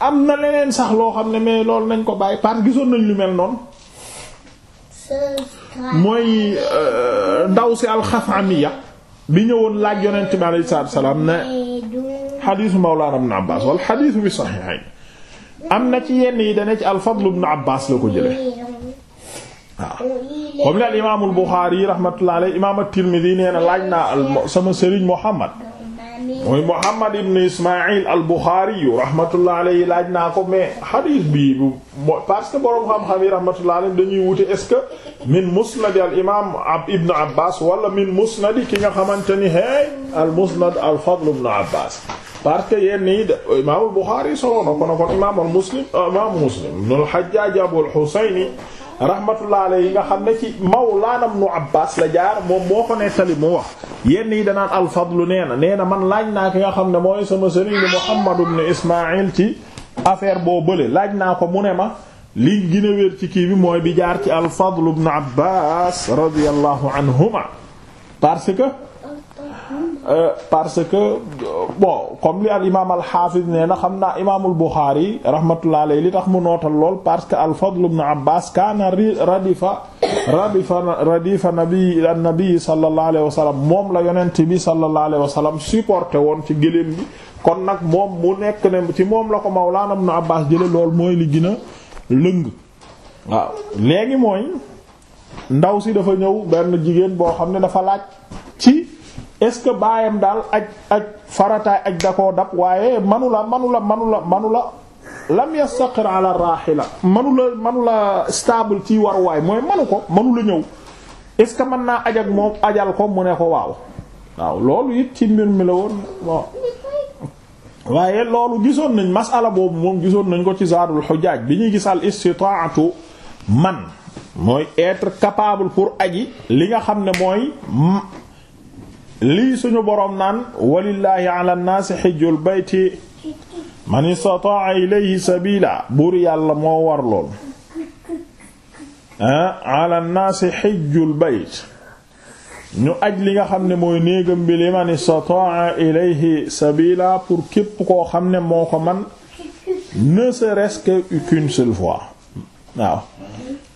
am na leneen sax loo xam ne mais loolu nañ ko bàyyi parce que gisoon nañ lu mel noon mooy euh, ndaw si alxasamiya bi ñëwoon laaj yonent bi alayhi salaatu salaam ne xadiisu mawlaana ibn Abbaas wal xadiisu bi saxiixayn am na ci yenn yi dana ci al-Fadl ibn Abbaas la ko jëlee waaw comme li al imaamul Buxaari rahmatullahi alayhi imaam at-Tirmidi nee na laaj naa sama sëriñ Muhammad muy Muhammad ibn Ismaïl al Bukhari rahmatullah alayhi laaj naa ko mais hadith bi parce que borom xam-xam yi rahmatullah alayhi dañuy wute est-ce que min musnad al imaam ab ibn Abbas wala min musnad ki nga xamante ni hey al musnad al Fadl ibn Abbas. parce que yéen nii imaamul Bukhari solo na ko na kon imaamul Muslim imaam Muslim ibn al Hajjaj Abul Husayn rahmatullah alayhi nga xam ne ci mawlaana ibnu Abbaas la jaar moom moo ko nettali mu wax yenn yi danaan alfadlu nee na nee na man laaj naa ki nga xam ne mooy sama sëriñ Muhammad ibn Ismaayil ci affaire boo bële laaj naa ko mu ne ma li gën a wér ci kii bi mooy bi jaar ci alfadlu ibnu Abbaas radiyallahu anhuma parce que Euh, parce que bo comme li al imaam al xaafis nee na xam naa imaamul Buxaari rahmatullah alayhi li tax mu nootal lool parce que al Fadl ibn Abbaas kaana radifa radifa radifa nabi an nabi sallallahu alayhi moom la yonent bi sallallahu alayhi wa sallam woon ci gëléem bi kon nag moom mu nekk ne ci moom la ko Mawlaana ibn Abbaas jële lool mooy li gën a lëng waaw léegi mooy ndaw si dafa ñëw benn jigéen boo xam ne dafa laaj ci est-ce que baayam daal aj aj farataay aj da koo dab waaye manula la manula manula lam yastaqir ala rahila manula la stable ci waruwaay mooy manu ko manula ñëw est-ce que naa aj moom ajal ko mu ne ko waaw waaw loolu it ci mbir mi waaye loolu gisoon nañ masala boobu moom gisoon nañ ko ci zaadul xujaaj bi ñuy gisal istitaatu man mooy être capable pour aji li nga xam ne mooy lii suñu boroom naan walillaahi ala naasi xijjul bayti man istataa ilayhi sabila buur yàlla moo war lool ah, ala naasi xijjul ñu aj li nga xam ne mooy néegam bi li man istataa ilayhi pour képp koo xam ne moo ko man ne serait-ce qu'une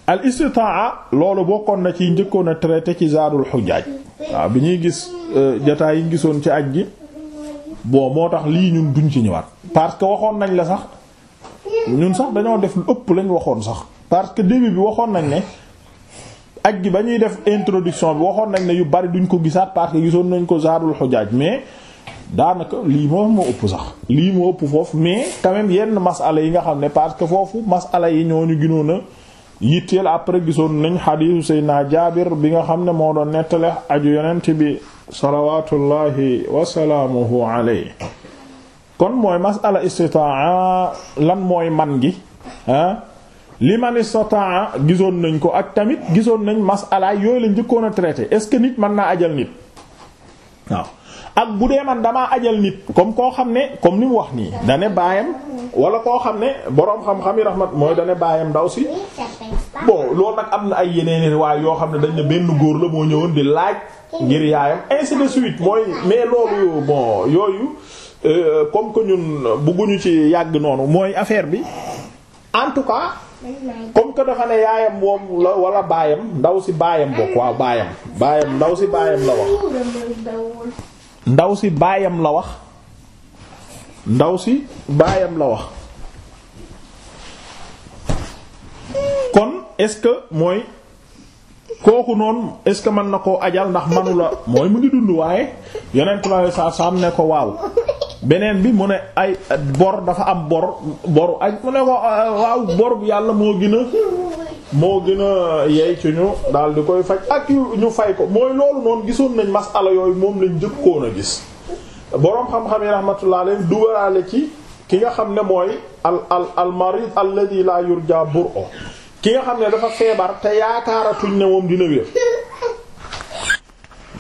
al istitaa loolu bokkoon na ci njëkkoon a traité ci zaadul xujaaj waaw bi ñuy gis euh, jataay yi ñu gisoon ci aj ji bon moo tax lii ñun duñ ci ñëwaat parce que waxoon nañ la sax ñun sax dañoo def ëpp lañ waxoon sax parce que début bi waxoon nañ ne ak ji ba ñuy def introduction bi waxoon nañ ne yu bari duñ ko gisaat parce que gisoon nañ ko zaadul xujaaj mais daanaka lii moom moo ëpp sax lii moo ëpp foofu mais quand même yenn masala yi nga xam ne parce que foofu masala yi ñooñu ginoon a yitteel après gisoon nañ xadiisu seydna jaabir bi nga xam ne moo doon nettale aju yonent bi salawaatullahi wasalaamuhu alayhi kon mooy masala istitaa lan mooy man gi ah li man istitaa gisoon nañ ko ak tamit gisoon nañ masala yooyu la njëkkoon a traité est-ce que nit mën naa ajal nit waaw ak bu dee man damaa ajal nit comme koo xam ne comme ni mu wax nii dane baayam wala koo xam ne boroom xam-xam yi rahmat mooy dane baayam ndaw si bon loolu am na ay yeneen yoo xam ne dañ ne góor la moo ñëwoon di laaj ngir yaayam ainsi de mais loolu bon yooyu euh, comme que ñun bëgguñu yàgg noonu mooy affaire bi en tout cas comme que dafa la wala baayam ndaw si baayam bokk waaw baayam baayam ndaw si baayam la wax ndaw si baayam la wax ndaw si baayam la wax kon est-ce que mooy kooku noonu est-ce que mën na koo ajal ndax manu mooy mu ngi dund waaye yonent bi sallallahu alayhi ne ko waaw beneen bi mu ne ay bor dafa am bor bor ak mu ne ko ah, waaw bor bu yàlla moo gën a moo gën a yey ci ñu daal di koy faj ak ñu fay ko mooy loolu noonu gisoon nañ masala yooyu moom lañ njëkkoon a gis boroom xam-xam yi rahmatullah alayhi dugalaale ci ki nga xam ne mooy al al al marid alladhi la yurja bur'u ki nga xam ne dafa feebar te yaakaaratuñ ne moom dina wér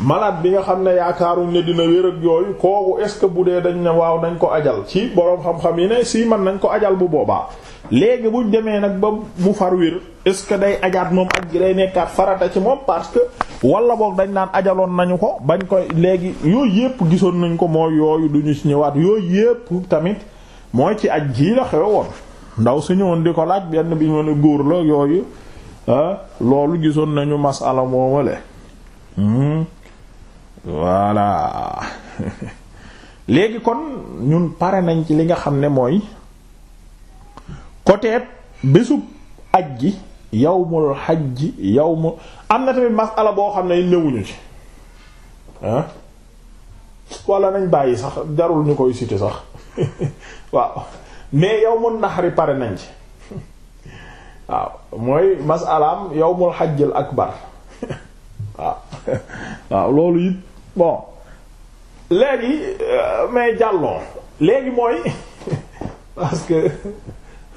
malaat bi nga xam ne yaakaaruñ ne dina wér ak yooyu kooku est ce que bu dee dañ ne waaw nañ ko ajal ci boroom xam-xam yi ne si man nañ ko ajal bu boobaa léegi buñ demee nag ba mu far wér est ce que day ajaat moom ak gi day nekkaat farata ci moom parce que wala boog dañ naan ajaloon nañu ko bañ koy léegi yooyu yépp gisoon nañ ko mooy yooyu duñu si ñëwaat yooyu yépp tamit mooy ci aj jii la xew woon ndaw si ñëwoon di ko laaj benn bi ñu ne góor la yooyu ah, loolu gisoon nañu masala moomale hmm. voilà léegi kon ñun pare nañ ci li nga xam ne mooy côté bésub aj gi yawmul xaj ji yawmu am na tamit masala boo xam ne newuñu ci ah nañ bàyyi sax jarul ñu koy cité sax waaw mais yawmun naxari pare nañ ci waaw mooy masalaam yawmul xajjil akbar waaw waaw loolu it bon léegi euh, mais jàlloo léegi mooy parce que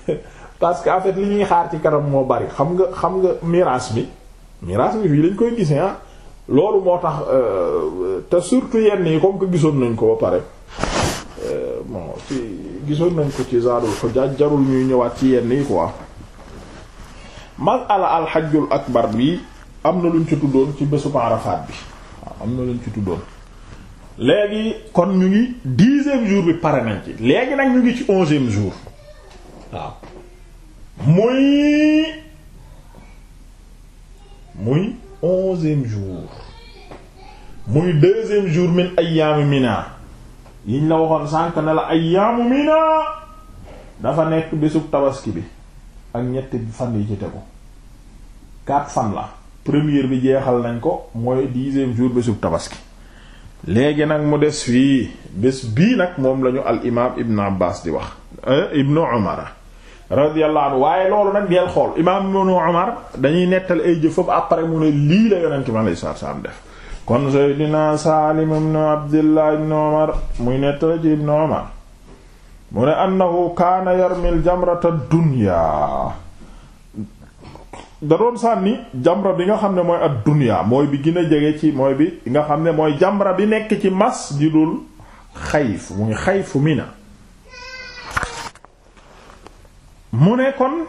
parce que en fait li ñuy xaar ci kanam moo bari xam nga xam nga miraas bi miraas bi fii lañ koy gisee ah loolu moo tax euh, te surtout yenn yi comme que gisoon nañ ko ba pare euh, bon ci gisoon nañ ko ci zaadul xujaaj jarul ñuy ñëwaat ci yenn yi quoi masala alxajjul akbar bi am na luñ ci tuddoon ci bésu Arafat bi am na leen ci tuddoon léegi kon ñu ngi dixième jour bi pare nañ ci léegi nag ñu ngi ci onzième jour waaw muy muy onzième jour muy deuxième jour ay ayyaamu mina yiñ la waxoon sànk ne la ay ayyaamu mina dafa nekk bésub tabaski bi ak ñetti fan yi ci tegu quatre fan la première bi jeexal nañ ko mooy dixième jour bésub tabaski léegi nag mu des fii bés bii nag moom lañu al imaam ibn abbas di wax ibnu umara radiyallahu anhu waaye loolu nag deel xool imaam ibnu umar dañuy nettal ay jëfam après mu ne lii la yonent mi alayhi salaatu def kon seydina saalim ibnu umar muy nettale ci ibnu umar mu ne annahu kaana yarmil jamrata dunya da doon sànni jamra bi nga xam ne mooy at dunya mooy bi gën a jege ci mooy bi nga xam ne mooy jamra bi nekk ci masjidul xayf muy xayfu mina mu ne kon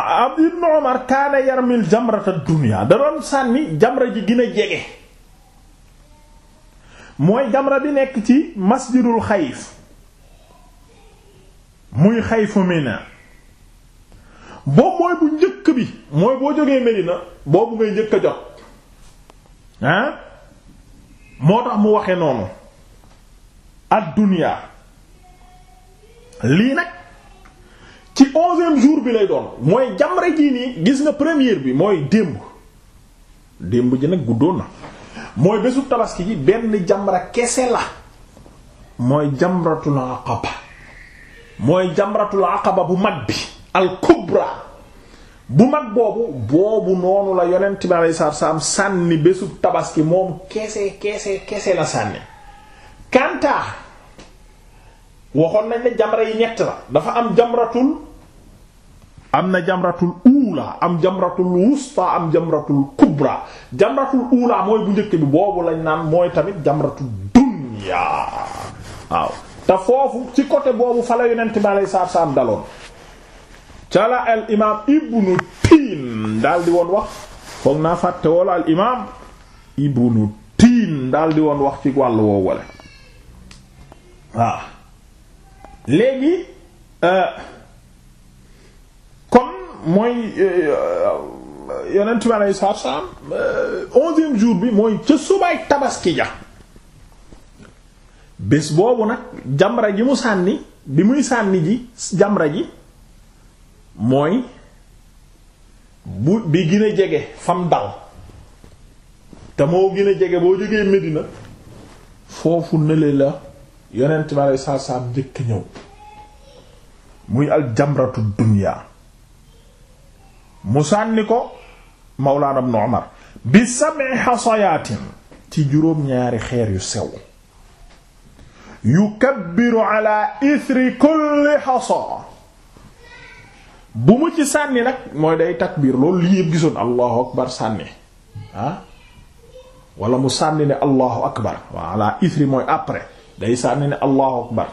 Abd ibn Umar da doon sànni jamra jamra bi nekk ci masjidul xayf muy xayfu mina boobu mooy bu njëkk bi mooy boo jógee Medina boobu ngay njëkk a jot ah moo tax mu waxe noonu ad lii nag ci onzième jour bi lay doon mooy jamra jii nii gis nga première bi mooy démb démb ji nag guddoon na mooy bésu tabaski ji benn jamra kese la mooy jamratul aqaba mooy jamratul aqaba bu mag bi al kubra bu mag boobu boobu noonu la yonent bi alayhi salaatu salaam sànni bésub tabaski moom kese keese kese la sànni kantaa waxoon nañ ne jamra yi ñett la dafa am jamratul am na jamratul uula am jamratul wusta am jamratul kubra jamratul uula mooy bu njëkk bi boobu lañ naan mooy tamit jamratul dunya waaw te foofu ci côté boobu fa la yonent bi alayhi salaatu salaam daloon ca la al imaam ibnu tiin daal di woon wax foog naa fàtte wala al imaam ibnu tiin daal di woon wax fii wàll woo wale waaw léegi comme euh, mooy euh, yonent bi aleyhi salaatu salaam euh, jour bi mooy ca subaay tabaski ja bés boobu nag jamra ji mu sànni bi muy sànni ji jamra ji mooy bu bi gën jege fam dal te moo gën jege boo jógee Medina foofu nële la yonent bi alei saatu salaam njëkk ñëw muy aljamratu dunya mu sànni ko mawlaana ibn Umar bi sab'i xasayaatin ci juróom-ñaari xeer yu sew yukabbiru ala ithri kulli xasa bu mu ci sànni nag mooy day takbiir loolu li yëpp gisoon allahu akbar sànni ah wala mu sànni ne allahu akbar wala isri mooy après day sànni ne allahu akbar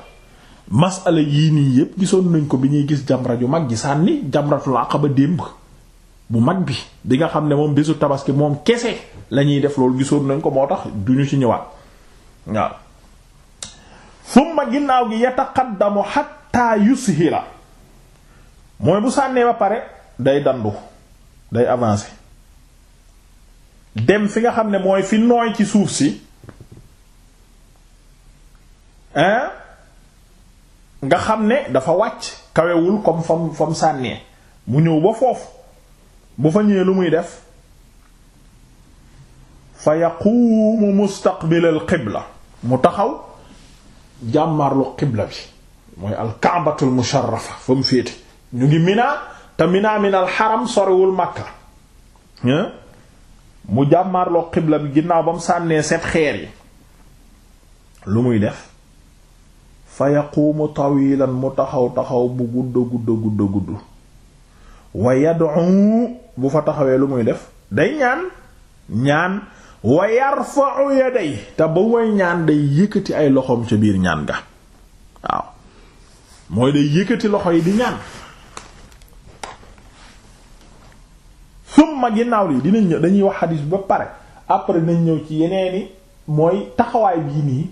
masala yii nii yëpp gisoon nañ ko bi ñuy gis jamra ju mag ji sànni jamratul aqaba démb bu mag bi di nga xam ne moom bésu tabaski moom kese lañuy def loolu gisoon nañ ko moo tax duñu ci ñëwaat waaw summa ginnaaw gi yataqaddamu hatta yushila mooy bu sànnee ba pare day dandu day avancé dem fi nga xam ne mooy fi nooy ci suuf si hein nga xam ne dafa wàcc kawewul comme fam fam sànnee mu ñëw ba foofu bu fa ñëwee lu muy def fa yaquumu mustaqbilal qibla mu taxaw jàmmarlu qibla bi mooy alkaabatul musharrafa fa mu féete ñu ngi Mina te Mina minal xaram sorewul Makka mu jàmmaarloo xibla bi ginnaaw ba mu sànnee set xeer yi lu muy def fa yaquumu tawilan mu taxaw taxaw bu gudd gudd gudd gudd wa yad'u bu fa taxawee lu muy def day ñaan ñaan wa yarfa'u yaday te ba muy ñaan day yëkkati ay loxoom ca biir ñaan ga waaw mooy day yëkkati loxo yi di ñaan summa ginnaaw lii dinañ ñëw dañuy wax xadiis bi ba pare après nañ ñëw ci yeneeni mooy taxawaay bii nii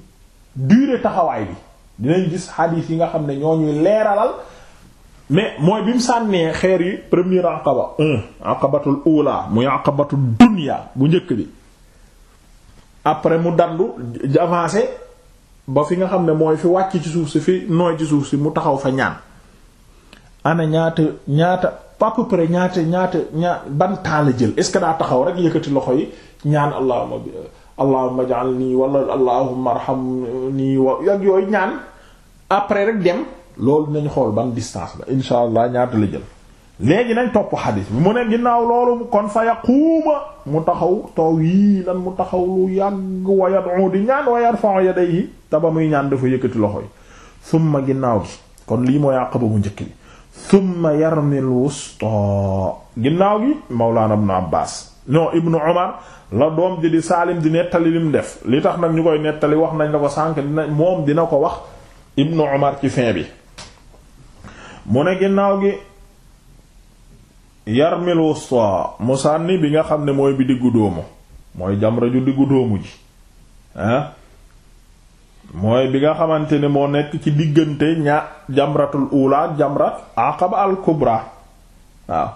durée taxawaay bi dinañ gis xadiis yi nga xam ne ñoo ñuy leeralal mais mooy bi mu sànnee xeer yi premier aqaba un aqabatul ula muy aqabatul dunya bu njëkk bi après mu dandu avancé ba fi nga xam ne mooy fi wàcc ci suuf si fi nooy ci suuf si mu taxaw fa ñaan ana ñaata ñaata à peu près ñaata ñaata ñaa ban la jël est daa taxaw rek yëkkati loxo yi ñaan allahumma allahumma ij'alni wala allahumma arhamni wa ak yooyu ñaan après rek dem loolu dinañ xool ban distance la insha allah ñaata la jël. léegi nañ topp xadis bi mu ne ginnaaw loolu kon fa yaquuma mu taxaw toow yii lan mu taxaw lu yàgg wa di ñaan wa yarfa'u yadayhi te ba muy ñaan dafa yëkkati loxo yi summa ginnaaw gi kon lii mooy àqaba bu njëkk bi thumma yarmil wusta ginnaaw gi mawlaana ibnu abbaas non ibnu omar la doom ji di saalim di nettali lim def li tax nag ñu koy nettali wax nañ la ko sànk dina moom dina ko wax ibnu omar ci fin bi mu ne ginnaaw gi yarmil wusta musanni bi nga xam ne mooy bi diggu dóomu mooy jamra ju diggu dóomu ji mooy bi nga xamante ne moo nekk ci diggante ña jamratul ula jamrat aqaba al kubra waaw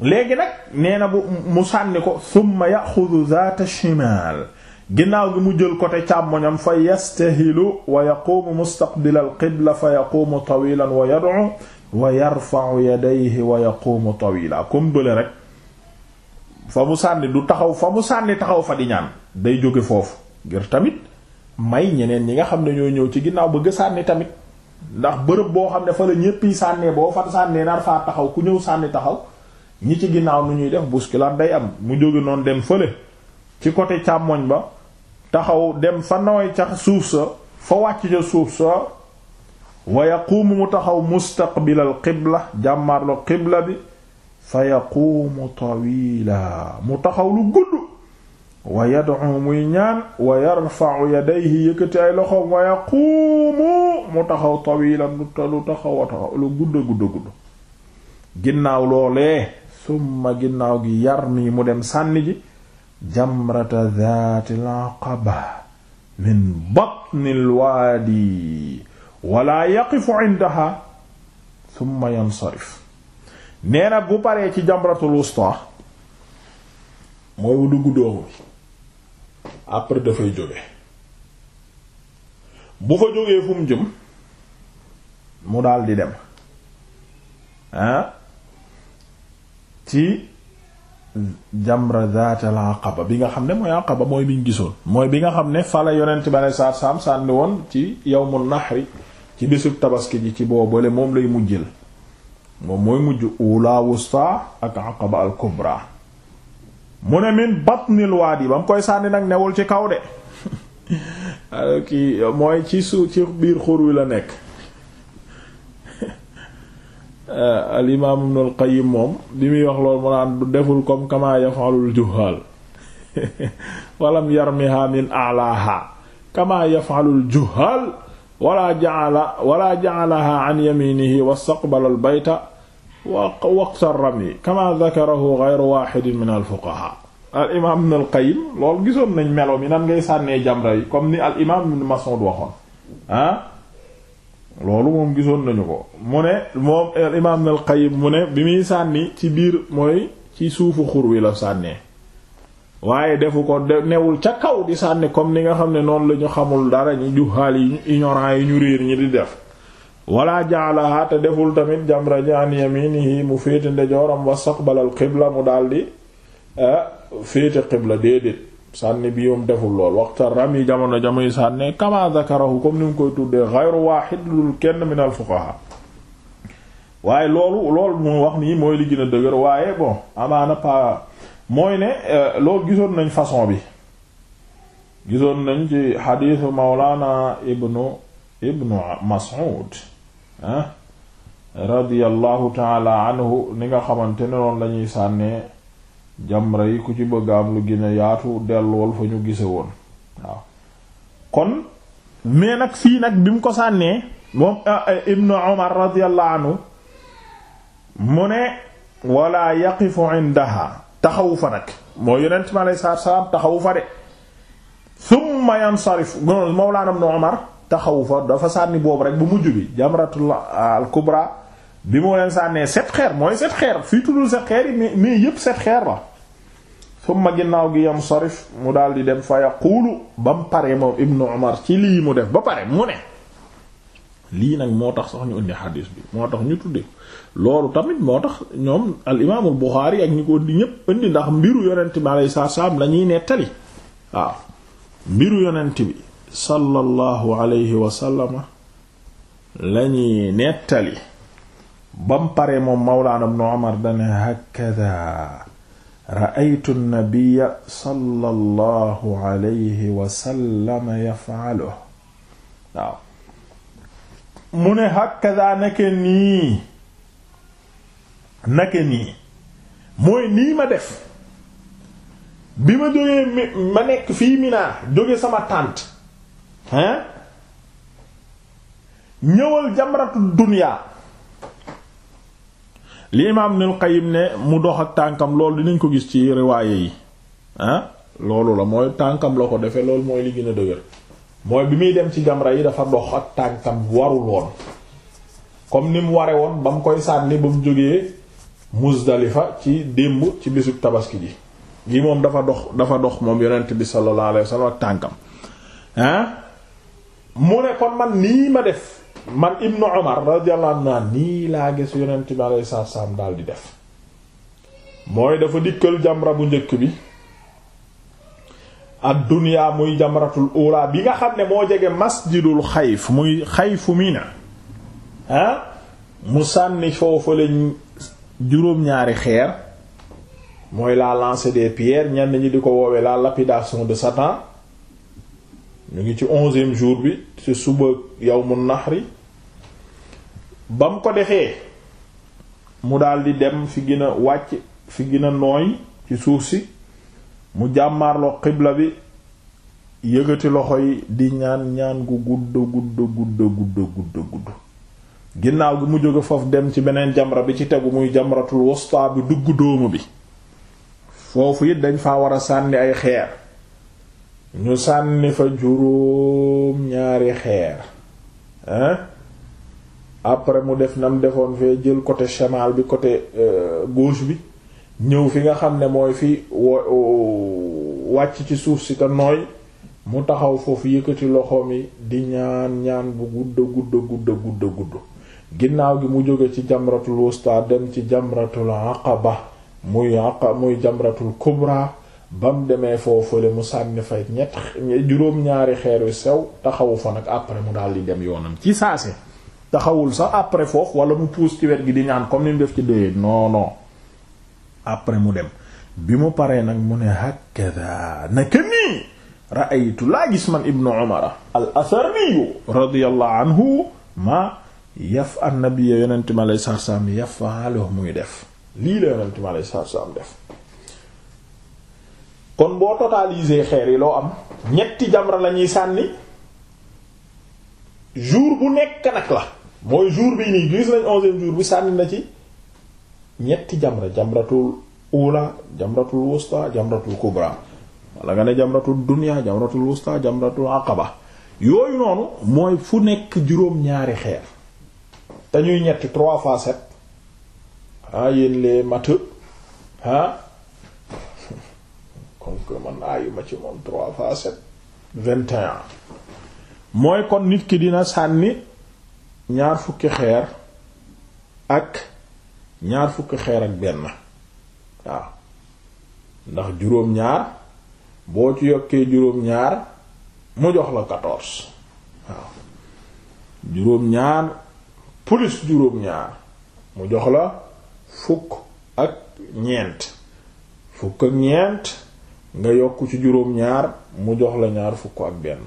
léegi nag nee na bu mu sànni ko thumma yaxudu zaata shimal ginnaaw gi mu jël côté càmmoñam fa yastahilu wa yaquumu mustaqbila al qibla fa yaquumu tawilan wa yad'u wa yarfa'u yadayhi wa yaquumu tawila comme bële rek fa mu sànni du taxaw fa mu sànni taxaw fa di ñaan day jóge foofu ngir tamit may ñeneen ñi nga xam ne ñoo ñëw ci ginnaaw bëgg sànni tamit ndax bërëb boo xam ne fa la ñépp sànnee boo fa sànnee nar faa taxaw ku ñëw sànni taxaw ñi ci ginnaaw nu ñuy def bousculade day am mu jóge noonu dem fële ci côté càmmoñ ba taxaw dem fa nooy ca suuf sa fa wàcc ca suuf sa wa yaquumu mu taxaw mustaqbilal qibla jàmmaarlo qibla bi fa yaquumu tawila mu taxaw lu gudd wa yad'u muy ñaan wa yarfa'u yadayhi yëkkati ay loxoom wa yaquumu mu taxaw tawilan lu taxaw a taxaw lu gudd a gudd a gudd ginnaaw loolee summa ginnaaw gi yarmi mu dem sànni ji jamrata dhaatil aqaba min batnil waadi wala yaqifu indaha summa yansarif nee na bu paree ci jamratul wusta mooy lu guddooxu bi après dafay jóge bu fa jógee fu mu jëm mu daal di dem ah ci jamra zaatal aqaba bi nga xam ne mooy aqaba mooy biñ gisoon mooy bi nga xam ne fala yonent ba ne saar saam sànni woon ci yow yawmun nahri ci bésub tabaski ji ci boobale moom lay mujjël moom mooy mujj ula wusta ak aqaba al mu ne min batnil waadi ba mu koy sànni nag newul ci kaw de mooy ci suuf ci biir xur wi la nekk euh, al imaam Ibnul Qayyim moom bi muy wax loolu mu naan deful comme kama yaf'alul juhaal walam yarmiha min a'laha kama yaf'alul juhaal wala ja'ala wala ja'alaha an yaminihi wastaqbalal bayta wa waqsa yi kama dakarahu ghayru wahidin min al fuqaha al imam ibn al qayyim loolu gisoon nañ melo mi nan ngay sànnee jamra yi comme ni al imam ibn mas'ud waxoon ah moom gisoon nañu ko mu ne al imam mu ne bi muy sànni ci biir mooy ci suufu xur wi la sànnee waaye defu ko newul ca kaw di sànni comme ni nga xam ne noonu lañu xamul dara ñu juhaal yi ñu ignorant yi ñu réer ñi di def wala jaalaha te deful tamit jamra ji an yaminihi mu féete ndejooram wastaqbalal qibla mu daldi eh, féete qibla déedéet sànni bi moom deful lool waxta ram yi jamono jamoy sànne kama zakarahu comme ni mu koy tuddee ghayru wahid lul kenn min al waaye loolu loolu mu wax nii mooy li dëgër waaye bon amaana pa mooy ne eh, loolu gisoon nañ façon bi gisoon nañ ci xadiisu Mawlana ibnu ibnu Mas'ud ah radiyallahu taala anhu ni nga xamante ne noonu lañuy sànnee jamra yi ku ci bëgg am lu gën a yaatu fa ñu gise woon waaw kon mais nag fii nag bi mu ko sànnee moom ah, eh, ibnu omar radiyallahu anhu mu ne wala yaqifu indaha taxawu fa nag moo yonent mi aleyhi salaatu wa salaam taxawu fa de summa yansarifu mawlaana ibnu omar taxawu fa dafa sànni boobu rek bu mujj bi jamratul al kubra bi mu leen sànnee set xeer mooy set xeer fii tuddul set xeer yi mais mais yépp set xeer la summa ginnaaw gi yam sarif mu daal di dem fa yaquulu ba mu paree moom ibnu umar ci lii mu def ba pare mu ne lii nag moo tax sax ñu indi xadiis bi moo tax ñu tudde loolu tamit moo tax ñoom al imaamul buxaari ak ñi ko indi ñépp indi ndax mbiru yonent bi alayhi salaam la ñuy nettali waaw mbiru yonent bi sallallahu alayhi wa sallama lañuy nettali bam paree moom mawlaana ibnu Umar dane hakada ra'aytu an-nabiyya sallallahu alayhi wa sallama yaf'aluhu waaw mu ne hakada nake nii nake nii mooy nii ma def bi ma jógee ma nekk fii Mina jóge sama tànt hein ñëwal jamratu dunya li imaam Ibnul Qayyim ne mu dox ak tànkam loolu dinañ ko gis ci riwaaye yi hein loolu la mooy tànkam la ko defee loolu mooy li gën a dëgër mooy bi muy dem ci jamra yi dafa dox ak tànkam warul woon comme ni mu ware woon ba mu koy sànni ba mu jógee Muzdalifa ci démb ci bisu tabaski ji gi moom dafa dox dafa dox moom yonent bi sallallahu alayhi wasallam ak tànkam hein mu ne kon man nii ma def man ibnu Umar radiyallahu anhu naa nii laa gis yonent bi alayhi salaatu salaam daal di def mooy dafa dikkal jamra bu njëkk bi ad dunya muy jamratul ula bi nga xam ne moo jege masjidul xayf muy xayfu mina ah mu sànni foofu lañ juróom-ñaari xeer mooy la lancer des pierres ñenn ñi di ko woowe la lapidation de Satan ñu ngi ci onzième jour bi ci suba yow yawmun nahri ba mu ko dexee mu daldi dem fi gën wàcc fi gina a nooy ci suuf si mu jàmmaarloo xibla bi yëgati loxo yi di ñaan ñaan gu gudd gudd gudd gudd gudd gudd ginnaaw gi mu jóg foofu dem ci beneen jamra bi ci tegu muy jamratul wasta bi dugg dóomu bi foofu it dañ fa war a sànni ay xeer ñu sànni fa juróom ñaari xeer hein après mu def nam defoon fee jël côté chamal bi côté euh, gauche bi ñëw fi nga xam ne mooy fi wàcc ci suuf si ko nooy mu taxaw foofu yëkkati loxo mi di ñaan ñaan bu gudda gudda gudda gudda gudd ginnaaw gi mu jóge ci jamratul wusta dem ci jamratul aqaba muy aqa muy jamratul kubra ba mu demee foofule mu sànni fay ñett juróom-ñaari xeer yu sew taxawu fa nag après mu daal di dem yoonam ci saase taxawul sax après foofu wala mu puus ci wet gi di ñaan comme ni mu def ci déyee non après mu dem bi mu paree nag mu ne hakada naka nii raaytu laa gis man ibnu umara al asariyu radiyallahu anhu ma yaf an nabia yonente mi alei saatu salaam yafaaloh muy def lii la yonente mi alei saatu def kon boo totalisé xeer yi loo am ñetti jamra la ñuy sànni jour bu nekk nag la mooy jour bi nii gis nañ onzième jour bi sànni na ci ñetti jamra jamratul ula jamratul wusta jamratul kubra wala nga ne jamratul dunya jamratul wusta jamratul aqaba yooyu noonu mooy fu nekk juróom-ñaari xeer te ñuy ñetti trois fois sept ah yéen donc ma ci moom trois mooy kon nit ki dina sànni ñaar fukki xeer ak ñaar fukki xeer ak benn waaw ndax juróom-ñaar boo ci yokkee juróom-ñaar mu jox la quatorze waaw juróom-ñaar plus juróom-ñaar mu jox la fukk ak ñeent fukk ak ñeent nga yokk ci juróom-ñaar mu jox la ñaar fukk ak benn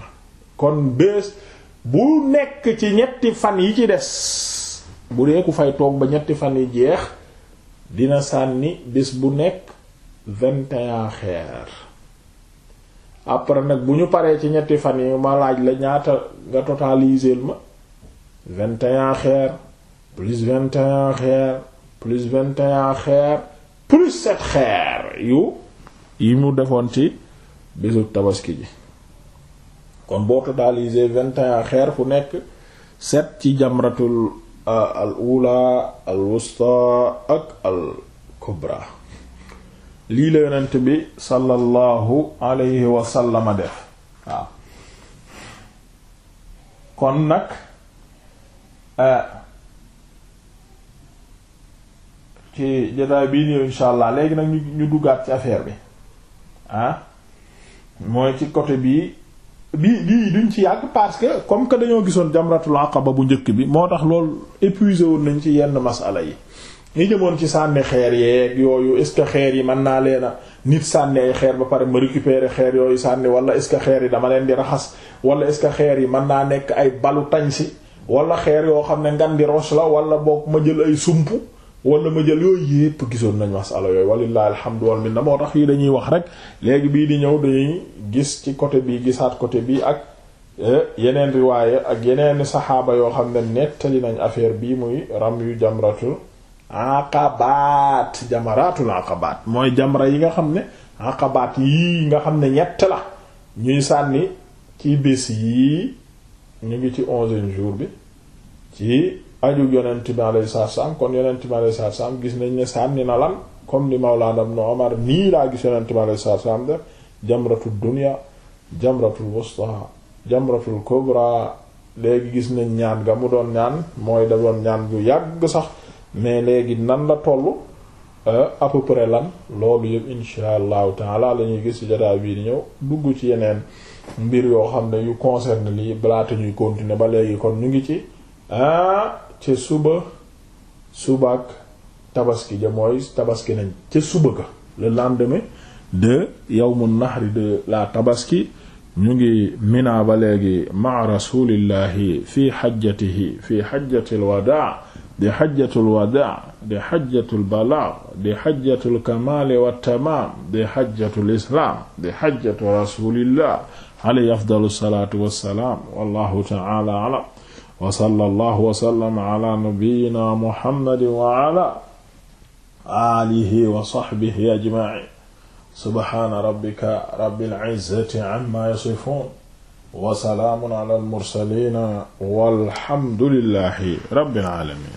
kon bés bu nekk ci ñetti fan yi ci des bu dee ku fay toog ba ñetti fan yi jeex dina sànni bés bu nekk vingt et xeer après nag bu ñu paree ci ñetti fan yi malaaj la ñaata nga totaliser ma vingt et xeer plus vingt et un xeer plus vingt et xeer plus sept xeer yu yi mu defoon ci bésu tabaski ji kon boo totalisé vingt et xeer fu nekk sept ci jamratul euh, al ula al wusta ak al kubra lii la yonent bi sallallahu alayhi wa def waaw kon nag euh, ci jotaay bii nii insha allah léegi nag ñu duggaat ci affaire bi ah mooy ci côté bii bii bii duñ ci yàgg parce que comme que dañoo gisoon jamratul aqaba bu njëkk bi moo tax loolu épuisé woon nañ ci yenn mas ala yi ñi jëmoon ci sànni xeer yeeg yooyu est que xeer yi mën naa leena nit sànni ay xeer ba pare ma récupérer xeer yooyu sànni wala est-ce que xeer yi dama leen di raxas wala est-ce que xeer yi mën naa nekk ay balu tañ si wala xeer yoo xam ne ngan di roche la wala boog ma jël ay sump wala ma jël yooyu yépp gisoon nañ masala yooyu walilah alhamdu wal minna moo tax yi dañuy wax rek léegi bii di ñëw dañuy gis ci côté bi gisaat côté bi ak eh, yeneen riwaaya ak yeneen saxaaba yoo xam ne nettali nañ affaire bii muy ram yu jamratul aqabaat jamaratul aqabaat mooy jamra yi nga xam ne aqabaat yii nga xam ne ñett la ñuy sànni ci bés yii ñu ngi ci onzième jour bi ci aju yonent bi alayhi salaam kon yonent bi alayhi salaam gis nañ ne sànni na lan comme ni Mawlana Ibn Umar nii laa gis yonent bi alayhi salaam def jamratul dunya jamratul wusta jamratul kubra léegi gis nañ ñaan ga mu doon ñaan mooy da doon ñaan gu yàgg sax mais léegi nan la toll euh, à peu près lan loolu yëpp insha allahu taala la ñuy gis ci jotaay bii ñëw dugg ci yeneen mbir yoo xam ne yu concerne lii balaata ñuy continuer ñu ngi ci ca suba subak tabaski ja mooy tabaski nañ ca suba ka le de yawmun nahri de la tabaski ñu ngi Mina ba léegi ma rasulillahi fi xajjatihi fi xajjati alwadaa di xajjatu di xajjatu albalaag di xajjatu alkamaali wattamaam di xajjatu alislaam di xajjatu rasulillah alayhi afdalu salaatu wassalaam wallahu ta'ala a'lam wa sallallahu wa sallam ala nabiyyina muhammad wa ala alihi wa sahbihi ajma'in subhana rabbika rabbil izzati amma yasifun wa salaamun ala al mursalin walhamdulillahi rabbil alamin